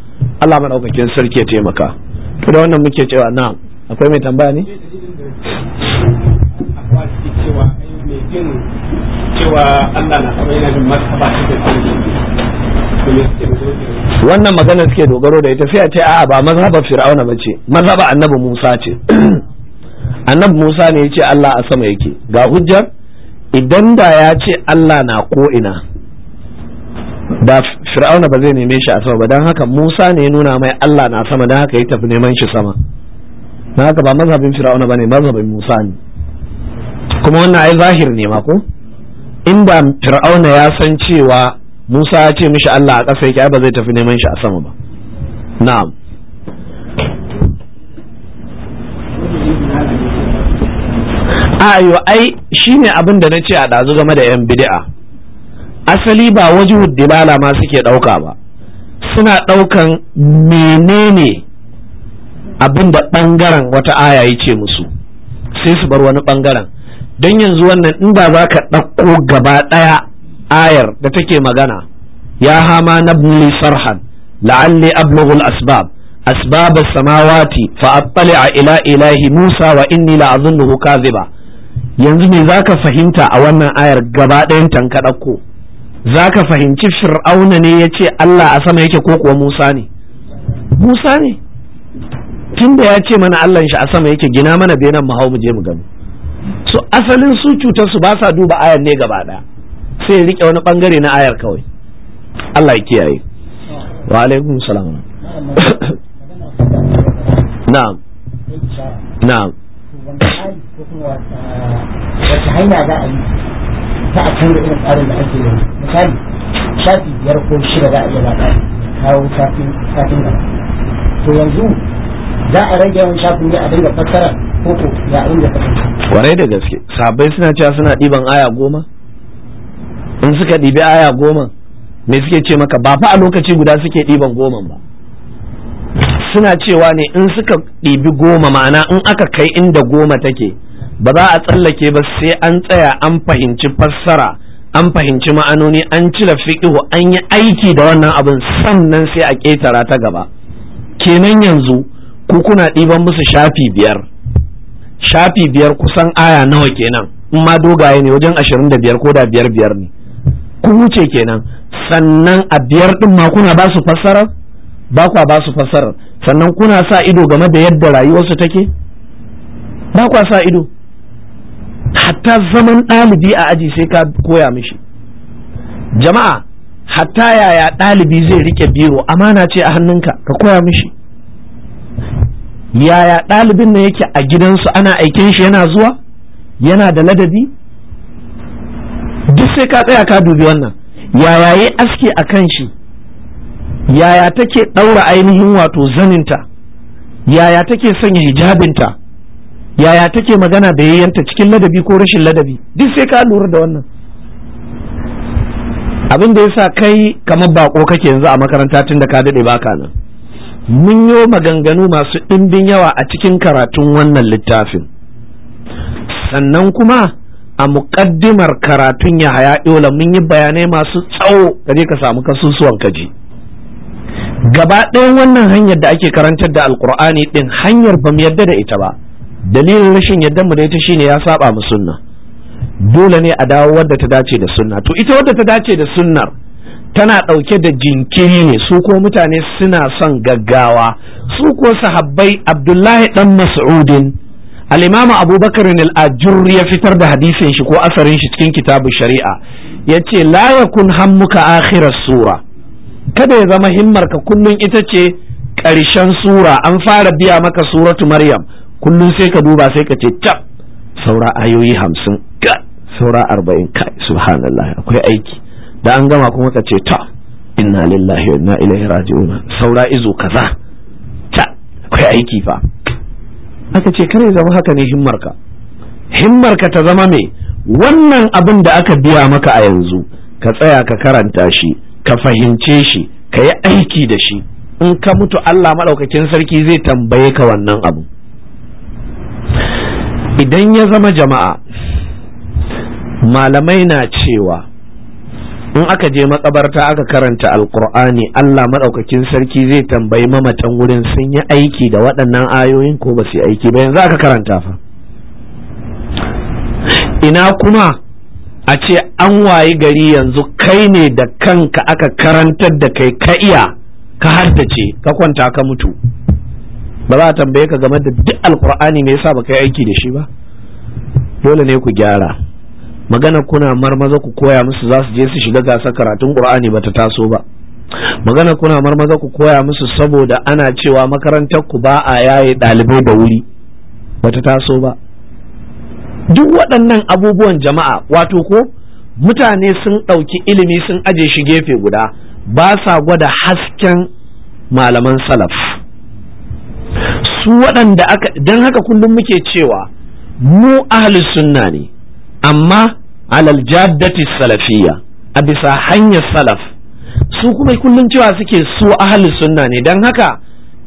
Allah madaukakin sarki ya taimaka to da wannan muke cewa na akwai mai tambaya ne wannan magana suke dogaro da ita sai a ce a'a ba mazhabar fir'auna bace mazhabar annabi Musa ce annab musa ne ya ce allah a sama yake ga hujjar idan da ya ce allah na ko'ina da fir'auna ba zai neme shi a sama ba don haka musa ne ya nuna mai allah na sama don haka ya tafi neman shi sama na haka ba mazhabin fir'auna ba ne mazhabin musa ne kuma wannan ai zahir ne ma ko inda fir'auna ya san cewa musa ya ce mishi allah a ƙasa yake ai ba zai tafi neman shi a sama ba na'am a ai shine abin da na ce a ɗazu game da yan bid'a asali ba wajen dibala ma suke ɗauka ba suna ɗaukan menene abin da ɓangaren wata aya ya ce musu sai su bar wani ɓangaren don yanzu wannan in ba za ka ɗauko gaba ɗaya ayar da take magana ya hama na sarhan la'alli ablughul asbab asbab samawati fa a ila ilahi musa wa inni la'azunnuhu kaziba yanzu za zaka fahimta a wannan ayar gaba ɗayan tankaɗa Za ka fahimci fir'auna ne ya ce Allah a sama yake ko kuwa Musa ne Musa ne tunda ya ce mana Allah shi a sama yake gina mana benan mu hau mu je mu gani so asalin su cutar su ba sa duba ayar ne gaba ɗaya sai rike wani bangare na ayar kawai Allah ya kiyaye wa alaikum salam na'am na'am wata hanya za a yi ta a canza irin tsarin da ake yi misali shafi biyar ko shida za a iya zaɓa kawo shafin gaba to yanzu za a rage yawan shafin ne a dinga fassara ko ko ya abin da fassara kwarai da gaske sabai suna cewa suna ɗiban aya goma in suka ɗibi aya goma me suke ce maka ba fa a lokaci guda suke ɗiban goma ba suna cewa ne in suka ɗibi goma ma'ana in aka kai inda goma take ba za a tsallake ba sai an tsaya an fahimci fassara an fahimci ma'anoni an cire fiƙihu an yi aiki da wannan abin sannan sai a ƙetara ta gaba kenan yanzu ku kuna ɗiban musu shafi biyar shafi biyar kusan aya nawa kenan in ma dogaye ne wajen ashirin da biyar ko da biyar biyar ne ku wuce kenan sannan a biyar ɗin ma kuna ba su fassara ba kwa ba su fassarar sannan kuna sa ido game da yadda rayuwarsu take ba kwa sa ido hatta zaman ɗalibi a aji sai ka koya mishi jama'a hatta yaya ɗalibi zai rike biro amana ce a hannunka ka koya mishi yaya ɗalibin na yake a gidansu ana aikin shi yana zuwa yana da ladabi duk sai ka tsaya ka dubi wannan yaya yi aski a kan shi yaya take ɗaura ainihin wato zaninta yaya take sanya hijabinta yaya take magana da yayyanta cikin ladabi ko rashin ladabi duk sai ka lura da wannan abin da yasa kai kamar bako kake yanzu a makaranta tun da ka dade baka nan mun yi maganganu masu ɗimbin yawa a cikin karatun wannan littafin sannan kuma a muƙaddimar karatun ya haya ɗola mun yi bayanai masu tsawo kaje ka samu kasusuwan kaji gaba ɗayan wannan hanyar da ake karantar da alkur'ani ɗin hanyar bamu yarda da ita ba dalilin rashin yadda mu da ita shine ya saba mu sunna dole ne a dawo wadda ta dace da sunna to ita wadda ta dace da sunnar tana ɗauke da jinkiri ne su ko mutane suna son gaggawa su ko sahabbai abdullahi dan mas'udin al-imamu abubakar al-ajurri ya fitar da hadisin shi ko asarin shi cikin kitabu shari'a yace la yakun hammuka akhirar sura kada ya zama ka kullum ita ce ƙarshen sura an fara biya maka suratu maryam kullum sai ka duba sai ka ce cap saura ayoyi hamsin ga saura arba'in kai subhanallah akwai aiki da an gama kuma ka ce ta inna lillahi wa inna ilaihi raji'un saura izo kaza ta akwai aiki fa aka ce kare zama haka ne himmarka himmarka ta zama me wannan abin da aka biya maka a yanzu ka tsaya ka karanta shi ka fahimce shi ka yi aiki da shi in ka mutu Allah Madaukakin sarki zai tambaye ka wannan abu idan ya zama jama'a malamai na cewa in aka je makabarta aka karanta alkur'ani Allah maɗaukakin sarki zai tambayi mamatan wurin sun yi aiki da waɗannan ayoyin ko ba su yi aiki ba yanzu aka karanta fa ina kuma a ce an wayi gari yanzu kai ne da kanka aka karantar da kai ka iya ka hardace ka kwanta ka mutu ba za a tambaye ka game da duk alkur'ani me yasa baka yi aiki da shi ba dole ne ku gyara magana kuna marmaza ku koya musu za su je su shiga gasar karatun qur'ani bata taso ba magana kuna marmaza ku koya musu saboda ana cewa makarantar ku ba a yaye ɗalibai da wuri bata taso ba duk waɗannan abubuwan jama'a wato ko mutane sun ɗauki ilimi sun aje shi gefe guda ba sa gwada hasken malaman salaf su waɗanda aka don haka kullum muke cewa mu ahli sunna ne amma alal jaddati salafiyya a bisa hanyar salaf su kuma kullum cewa suke su ahli sunna ne don haka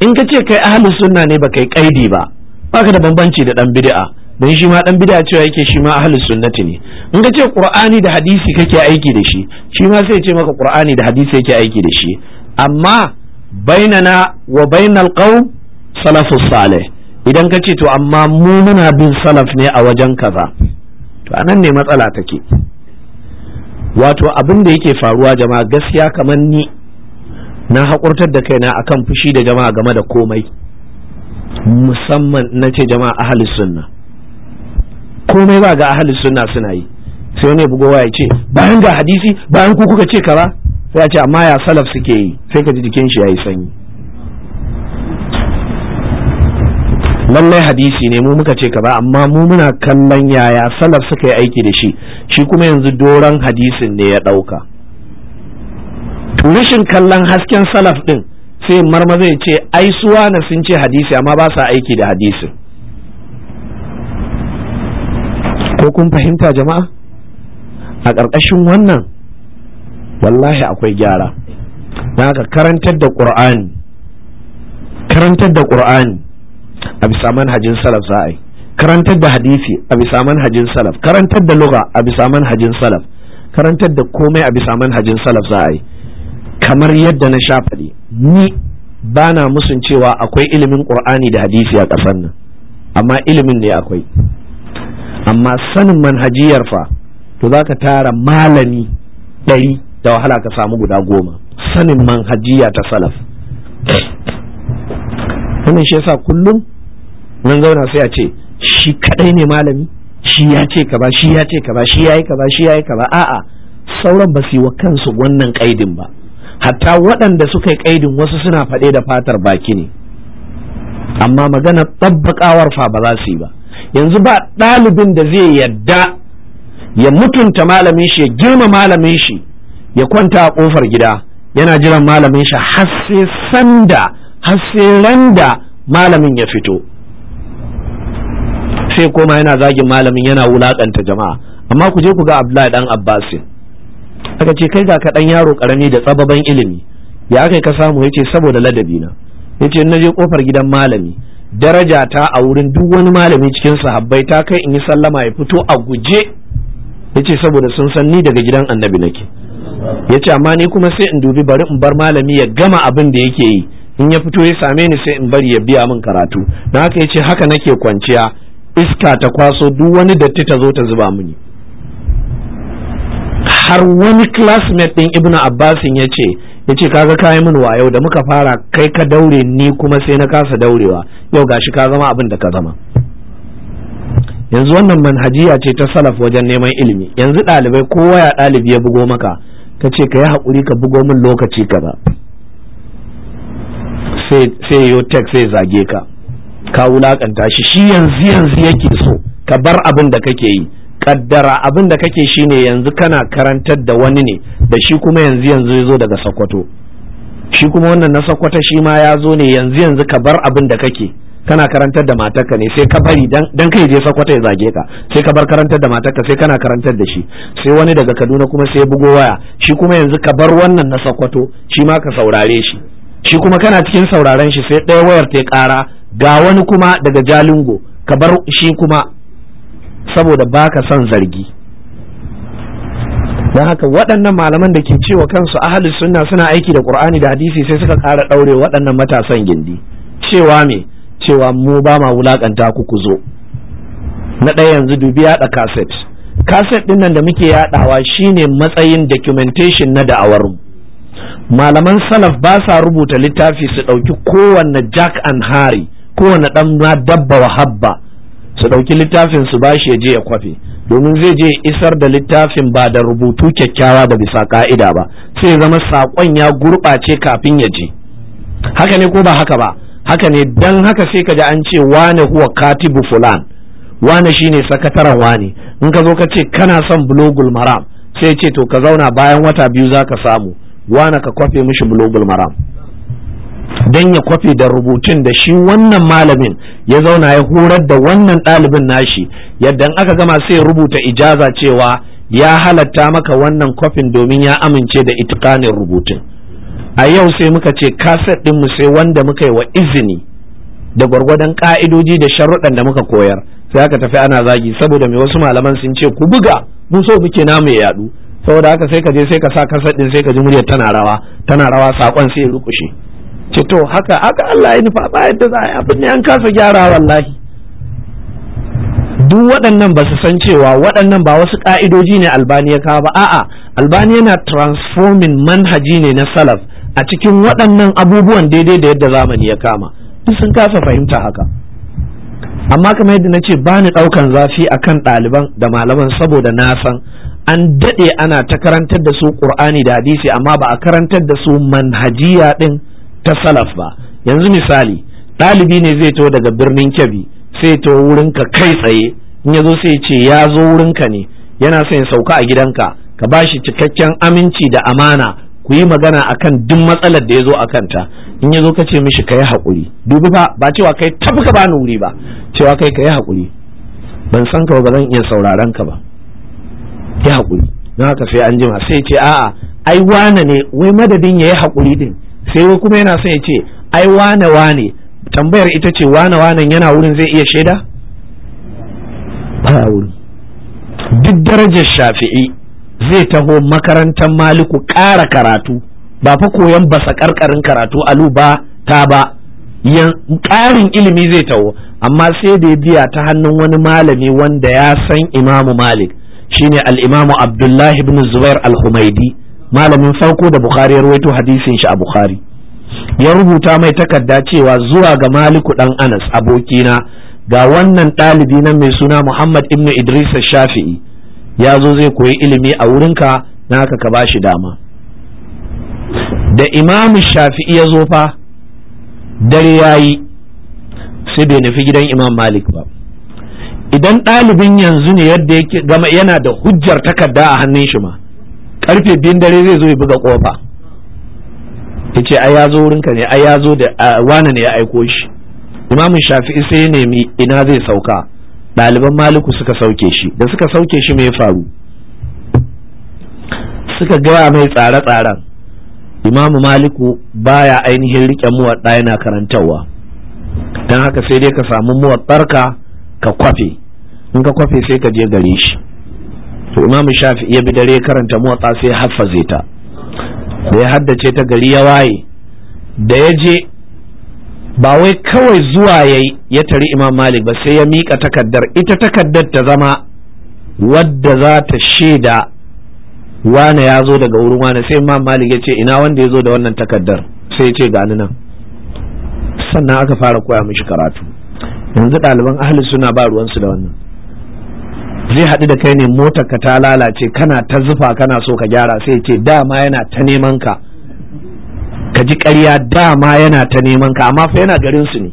in ka ce kai ahli sunna ne ba kai kaidi ba baka da bambanci da dan bid'a don shi ma dan bid'a cewa yake shi ma ahlus sunnati ne in ka ce qur'ani da hadisi kake aiki da shi shi ma sai ce maka qur'ani da hadisi yake aiki da shi amma bainana wa bainal qawm salafu salih idan ka ce to amma mu muna bin salaf ne a wajen kaza to anan ne matsala take wato abin da yake faruwa jama'a gaskiya kamar ni na haƙurtar da kaina akan fushi da jama'a game da komai musamman na ce jama'a ahli sunna komai ba ga ahli sunna suna yi sai wani bugowa ya ce bayan ga hadisi bayan ku kuka ce kaza sai ya ce amma ya salaf suke yi sai ka ji jikin shi yayi sanyi lallai hadisi ne mu muka ce ka ba amma mu muna kallon yaya salaf suka yi aiki da shi shi kuma yanzu doron hadisin ne ya ɗauka rashin kallon hasken salaf din sai marmaza ya ce ai suwa na sun ce hadisi amma ba sa aiki da hadisin ko kun fahimta jama'a a ƙarƙashin wannan wallahi akwai gyara na ka karantar da ƙur'ani karantar da ƙur'ani a bisa manhajin salaf za a yi karantar da hadisi a bisa manhajin salaf karantar da luga a bisa manhajin salaf karantar da komai a bisa manhajin salaf za a yi kamar yadda na sha faɗi ni ba na musun cewa akwai ilimin ƙur'ani da hadisi a ƙasar nan amma ilimin ne akwai amma sanin manhajiyar fa to za ka tara malami ɗari da wahala ka samu guda goma sanin manhajiya ta salaf wannan shi yasa kullum nan zauna sai a ce shi kadai ne malami shi ya ce ka ba shi ya ce ka ba shi ya yi ka ba shi ya yi ka ba a'a sauran ba su yi wa kansu wannan kaidin ba hatta waɗanda suka yi kaidin wasu suna faɗe da fatar baki ne amma magana tabbakawar fa ba za su yi ba yanzu ba ɗalibin da zai yadda ya mutunta malamin shi ya girma malamin shi ya kwanta a kofar gida yana jiran malamin shi har sai sanda Hasiran da malamin ya fito sai koma yana zagin malamin yana wulakanta jama'a amma ku je ku ga Abdullahi dan Abbasin aka ce kai ga ka dan yaro karami da tsababan ilimi ya kai ka samu yace saboda ladabi na yace na je kofar gidan malami daraja ta a wurin duk wani malami cikin sahabbai ta kai in yi sallama ya fito a guje yace saboda sun san ni daga gidan annabi nake yace amma ni kuma sai in dubi bari in bar malami ya gama abin da yake yi in ya fito ya same ni sai in bari ya biya min karatu na haka yace haka nake kwanciya iska ta kwaso duk wani datti ta zo ta zuba muni. har wani classmate din ibnu abbasin ya ce ya ce kaga kayi min wayo da muka fara kai ka daure ni kuma sai na kasa daurewa yau gashi ka zama abin da ka zama yanzu wannan manhajiya ce ta salaf wajen neman ilimi yanzu ɗalibai kowa ya ɗalibi ya bugo maka ka ce ka yi hakuri ka bugo min lokaci kaza sai yo tek sai zage ka ka wulakanta shi shi yanzu yanzu yake so ka bar abin da kake yi kaddara abin da kake shi ne yanzu kana karantar da wani ne da shi kuma yanzu yanzu ya zo daga sakwato shi kuma wannan na Sokoto shi ma ya zo ne yanzu yanzu ka bar abin da kake kana karantar da matarka ne sai ka bari dan kai je sakwata ya zage ka sai ka bar karantar da matarka sai kana karantar da shi sai wani daga kaduna kuma sai bugo waya shi kuma yanzu ka bar wannan na sakwato shi ma ka saurare shi shi kuma kana cikin sauraron shi sai ɗaya wayar ta ƙara ga wani kuma daga jalingo ka bar shi kuma saboda baka son zargi don haka waɗannan malaman da ke cewa kansu ahalus sunna suna aiki da qur'ani da hadisi sai suka ƙara ɗaure waɗannan matasan gindi cewa me cewa mu ba ma wulaƙanta ku ku zo na ɗaya yanzu dubi yaɗa kaset kaset ɗin nan da muke yaɗawa shine matsayin documentation na da'awarmu malaman salaf ba sa rubuta littafi su ɗauki kowanne jack and harry kowanne ɗan na dabba wa habba su ɗauki littafin su ba shi ya je ya kwafe domin zai je isar da littafin ba da rubutu kyakkyawa da bisa ka'ida ba sai zama saƙon ya gurɓace kafin ya je haka ne ko ba haka ba haka ne dan haka sai ka ji an ce wane huwa katibu fulan wane shine sakataren wane in ka zo ka ce kana son blogul maram sai ce to ka zauna bayan wata biyu za ka samu wana ka kwafe mishi bulogul maram don ya kwafe da rubutun da shi wannan malamin ya zauna ya horar da wannan ɗalibin nashi yadda aka gama sai rubuta ijaza cewa ya halatta maka wannan kwafin domin ya amince da itikanin rubutun a yau sai muka ce kaset ɗinmu sai wanda muka yi wa izini da gwargwadon ka'idoji da sharuɗan da muka koyar sai aka tafi ana zagi saboda mai wasu malaman sun ce ku buga mu so muke namu ya yaɗu. saboda haka sai ka je sai ka sa kasar din sai ka ji muryar tana rawa tana rawa sakon sai ya rukushe ce to haka haka Allah ya nufa ba yadda za a yi abin ne an kasa gyara wallahi duk waɗannan ba su san cewa waɗannan ba wasu ƙa'idoji ne albani ya kawo ba a'a albani yana transforming manhaji ne na salaf a cikin waɗannan abubuwan daidai da yadda zamani ya kama duk sun kasa fahimta haka amma kamar yadda na ce ba ni ɗaukan zafi a kan ɗaliban da malaman saboda na san an daɗe ana ta karantar da su ƙur'ani da hadisi amma ba a karantar da su manhajiya ɗin ta salaf ba yanzu misali ɗalibi ne zai to daga birnin kyabi sai to wurinka kai tsaye in ya zo sai ce ya zo wurinka ne yana son ya sauka a gidanka ka ba shi cikakken aminci da amana ku yi magana akan duk matsalar da ya zo a kanta in ya zo ka ce mishi ka yi haƙuri dubu fa ba cewa kai tafi ka bani wuri ba cewa kai ka yi haƙuri ban san ka ba zan iya sauraron ka ba yi haƙuri don haka sai an jima sai ce a'a ai wane ne wai madadin ya yi haƙuri din sai wai kuma yana son ya ce ai wane wane tambayar ita ce wane wane yana wurin zai iya shaida ba wurin duk darajar shafi'i zai taho makarantar maliku ƙara karatu ba fa koyan basa ƙarƙarin karatu alu ba ta ba ƙarin ilimi zai taho amma sai da biya ta hannun wani malami wanda ya san imamu malik shine ne Al'imamu abdullahi ibn zubair al-humaidi malamin farko da bukhari ya rawaito hadisin shi a bukhari ya rubuta mai takarda cewa zuwa ga maliku ɗan anas abokina ga wannan ɗalibi na mai suna muhammad ibn idris shafi'i ya zo zai koyi ilimi a wurinka na haka ka ba shi dama da imam shafi'i ya zo fa dare ya yi sai bai nufi gidan imam malik ba idan ɗalibin yanzu ne yadda yake gama yana da hujjar takarda a hannun shi ma karfe biyun dare zai zo ya buga kofa ya ce ai ya zo wurinka ne ai ya zo da wane ne ya aiko shi imamin shafi'i sai ya nemi ina zai sauka ɗaliban maliku suka sauke shi da suka sauke shi mai faru suka gaya mai tsare-tsaren imamu maliku baya ainihin riƙe muwaɗa yana karantarwa don haka sai dai ka samu muwaɗarka ka kwafe in ka kwafe sai ka je gare shi to imamu shafi ya bi dare karanta muwaɗa sai haffaze ta da ya haddace ta gari ya waye da ya je ba wai kawai zuwa yayi ya tari imam malik ba sai ya miƙa takaddar ita takaddar ta zama wadda za ta shaida wane ya zo daga wurin wane sai imam malik ya ce ina wanda ya zo da wannan takaddar sai ya ce gani nan sannan aka fara koya mishi karatu yanzu ɗaliban ahli suna ba ruwansu da wannan zai haɗu da kai ne motar ka ta lalace kana ta zufa kana so ka gyara sai ce dama yana ta neman ka ka ji ƙarya dama yana ta neman ka amma fa yana garin su ne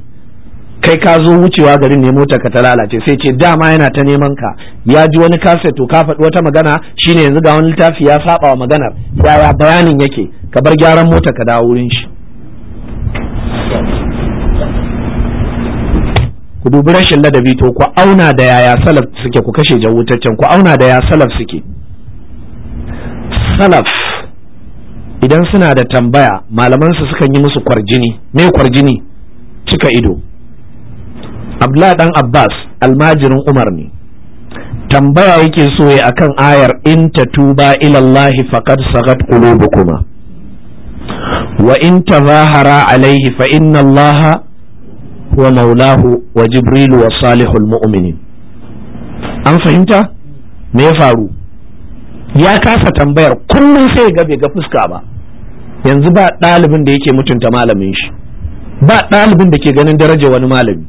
kai ka zo wucewa garin ne mota ka ta lalace sai ce dama yana ta neman ka ya ji wani kaset to ka faɗi wata magana shine yanzu ga wani littafi ya saba wa magana. yaya bayanin yake ka bar gyaran mota ka dawo wurin shi ku dubi rashin ladabi to ku auna da yaya salaf suke ku kashe jawutaccen ku auna da yaya salaf suke salaf idan suna da tambaya malamansu sukan yi musu kwarjini me kwarjini cika ido abla dan abbas almajirin umar ne tambaya yake so ya akan ayar in tatuba ila Allah faqad sagat qulubukuma wa in tazahara alaihi fa inna Allah huwa maulahu wa jibril wa salihul mu'minin an fahimta me ya faru ya kasa tambayar kullum sai ga bai ga fuska ba yanzu ba ɗalibin da yake mutunta malamin shi ba ɗalibin da ke ganin daraja wani malami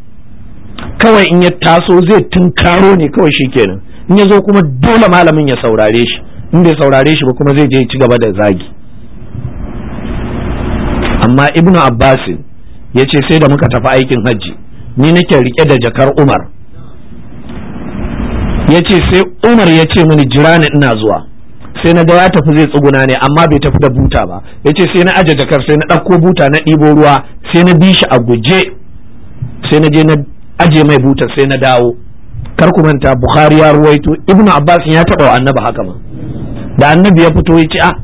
kawai in ya taso zai tunkaro ne kawai shi kenan in ya zo kuma dole malamin ya saurare shi in bai saurare shi ba kuma zai je ci gaba da zagi amma ibnu Abbasi ya ce sai da muka tafi aikin hajji ni nake rike da jakar umar ya ce sai umar ya ce mini jira ni ina zuwa sai na ga ya tafi zai tsuguna ne amma bai tafi da buta ba ya ce sai na aje jakar sai na ɗauko buta na ɗibo ruwa sai na bi shi a guje sai na je na aje mai buta sai na dawo kar ku manta bukhari ya ruwaito ibnu abbas ya taɓa wa annabi haka ma da annabi ya fito ya ce a ah,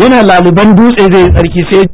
yana laliban dutse zai tsarki sai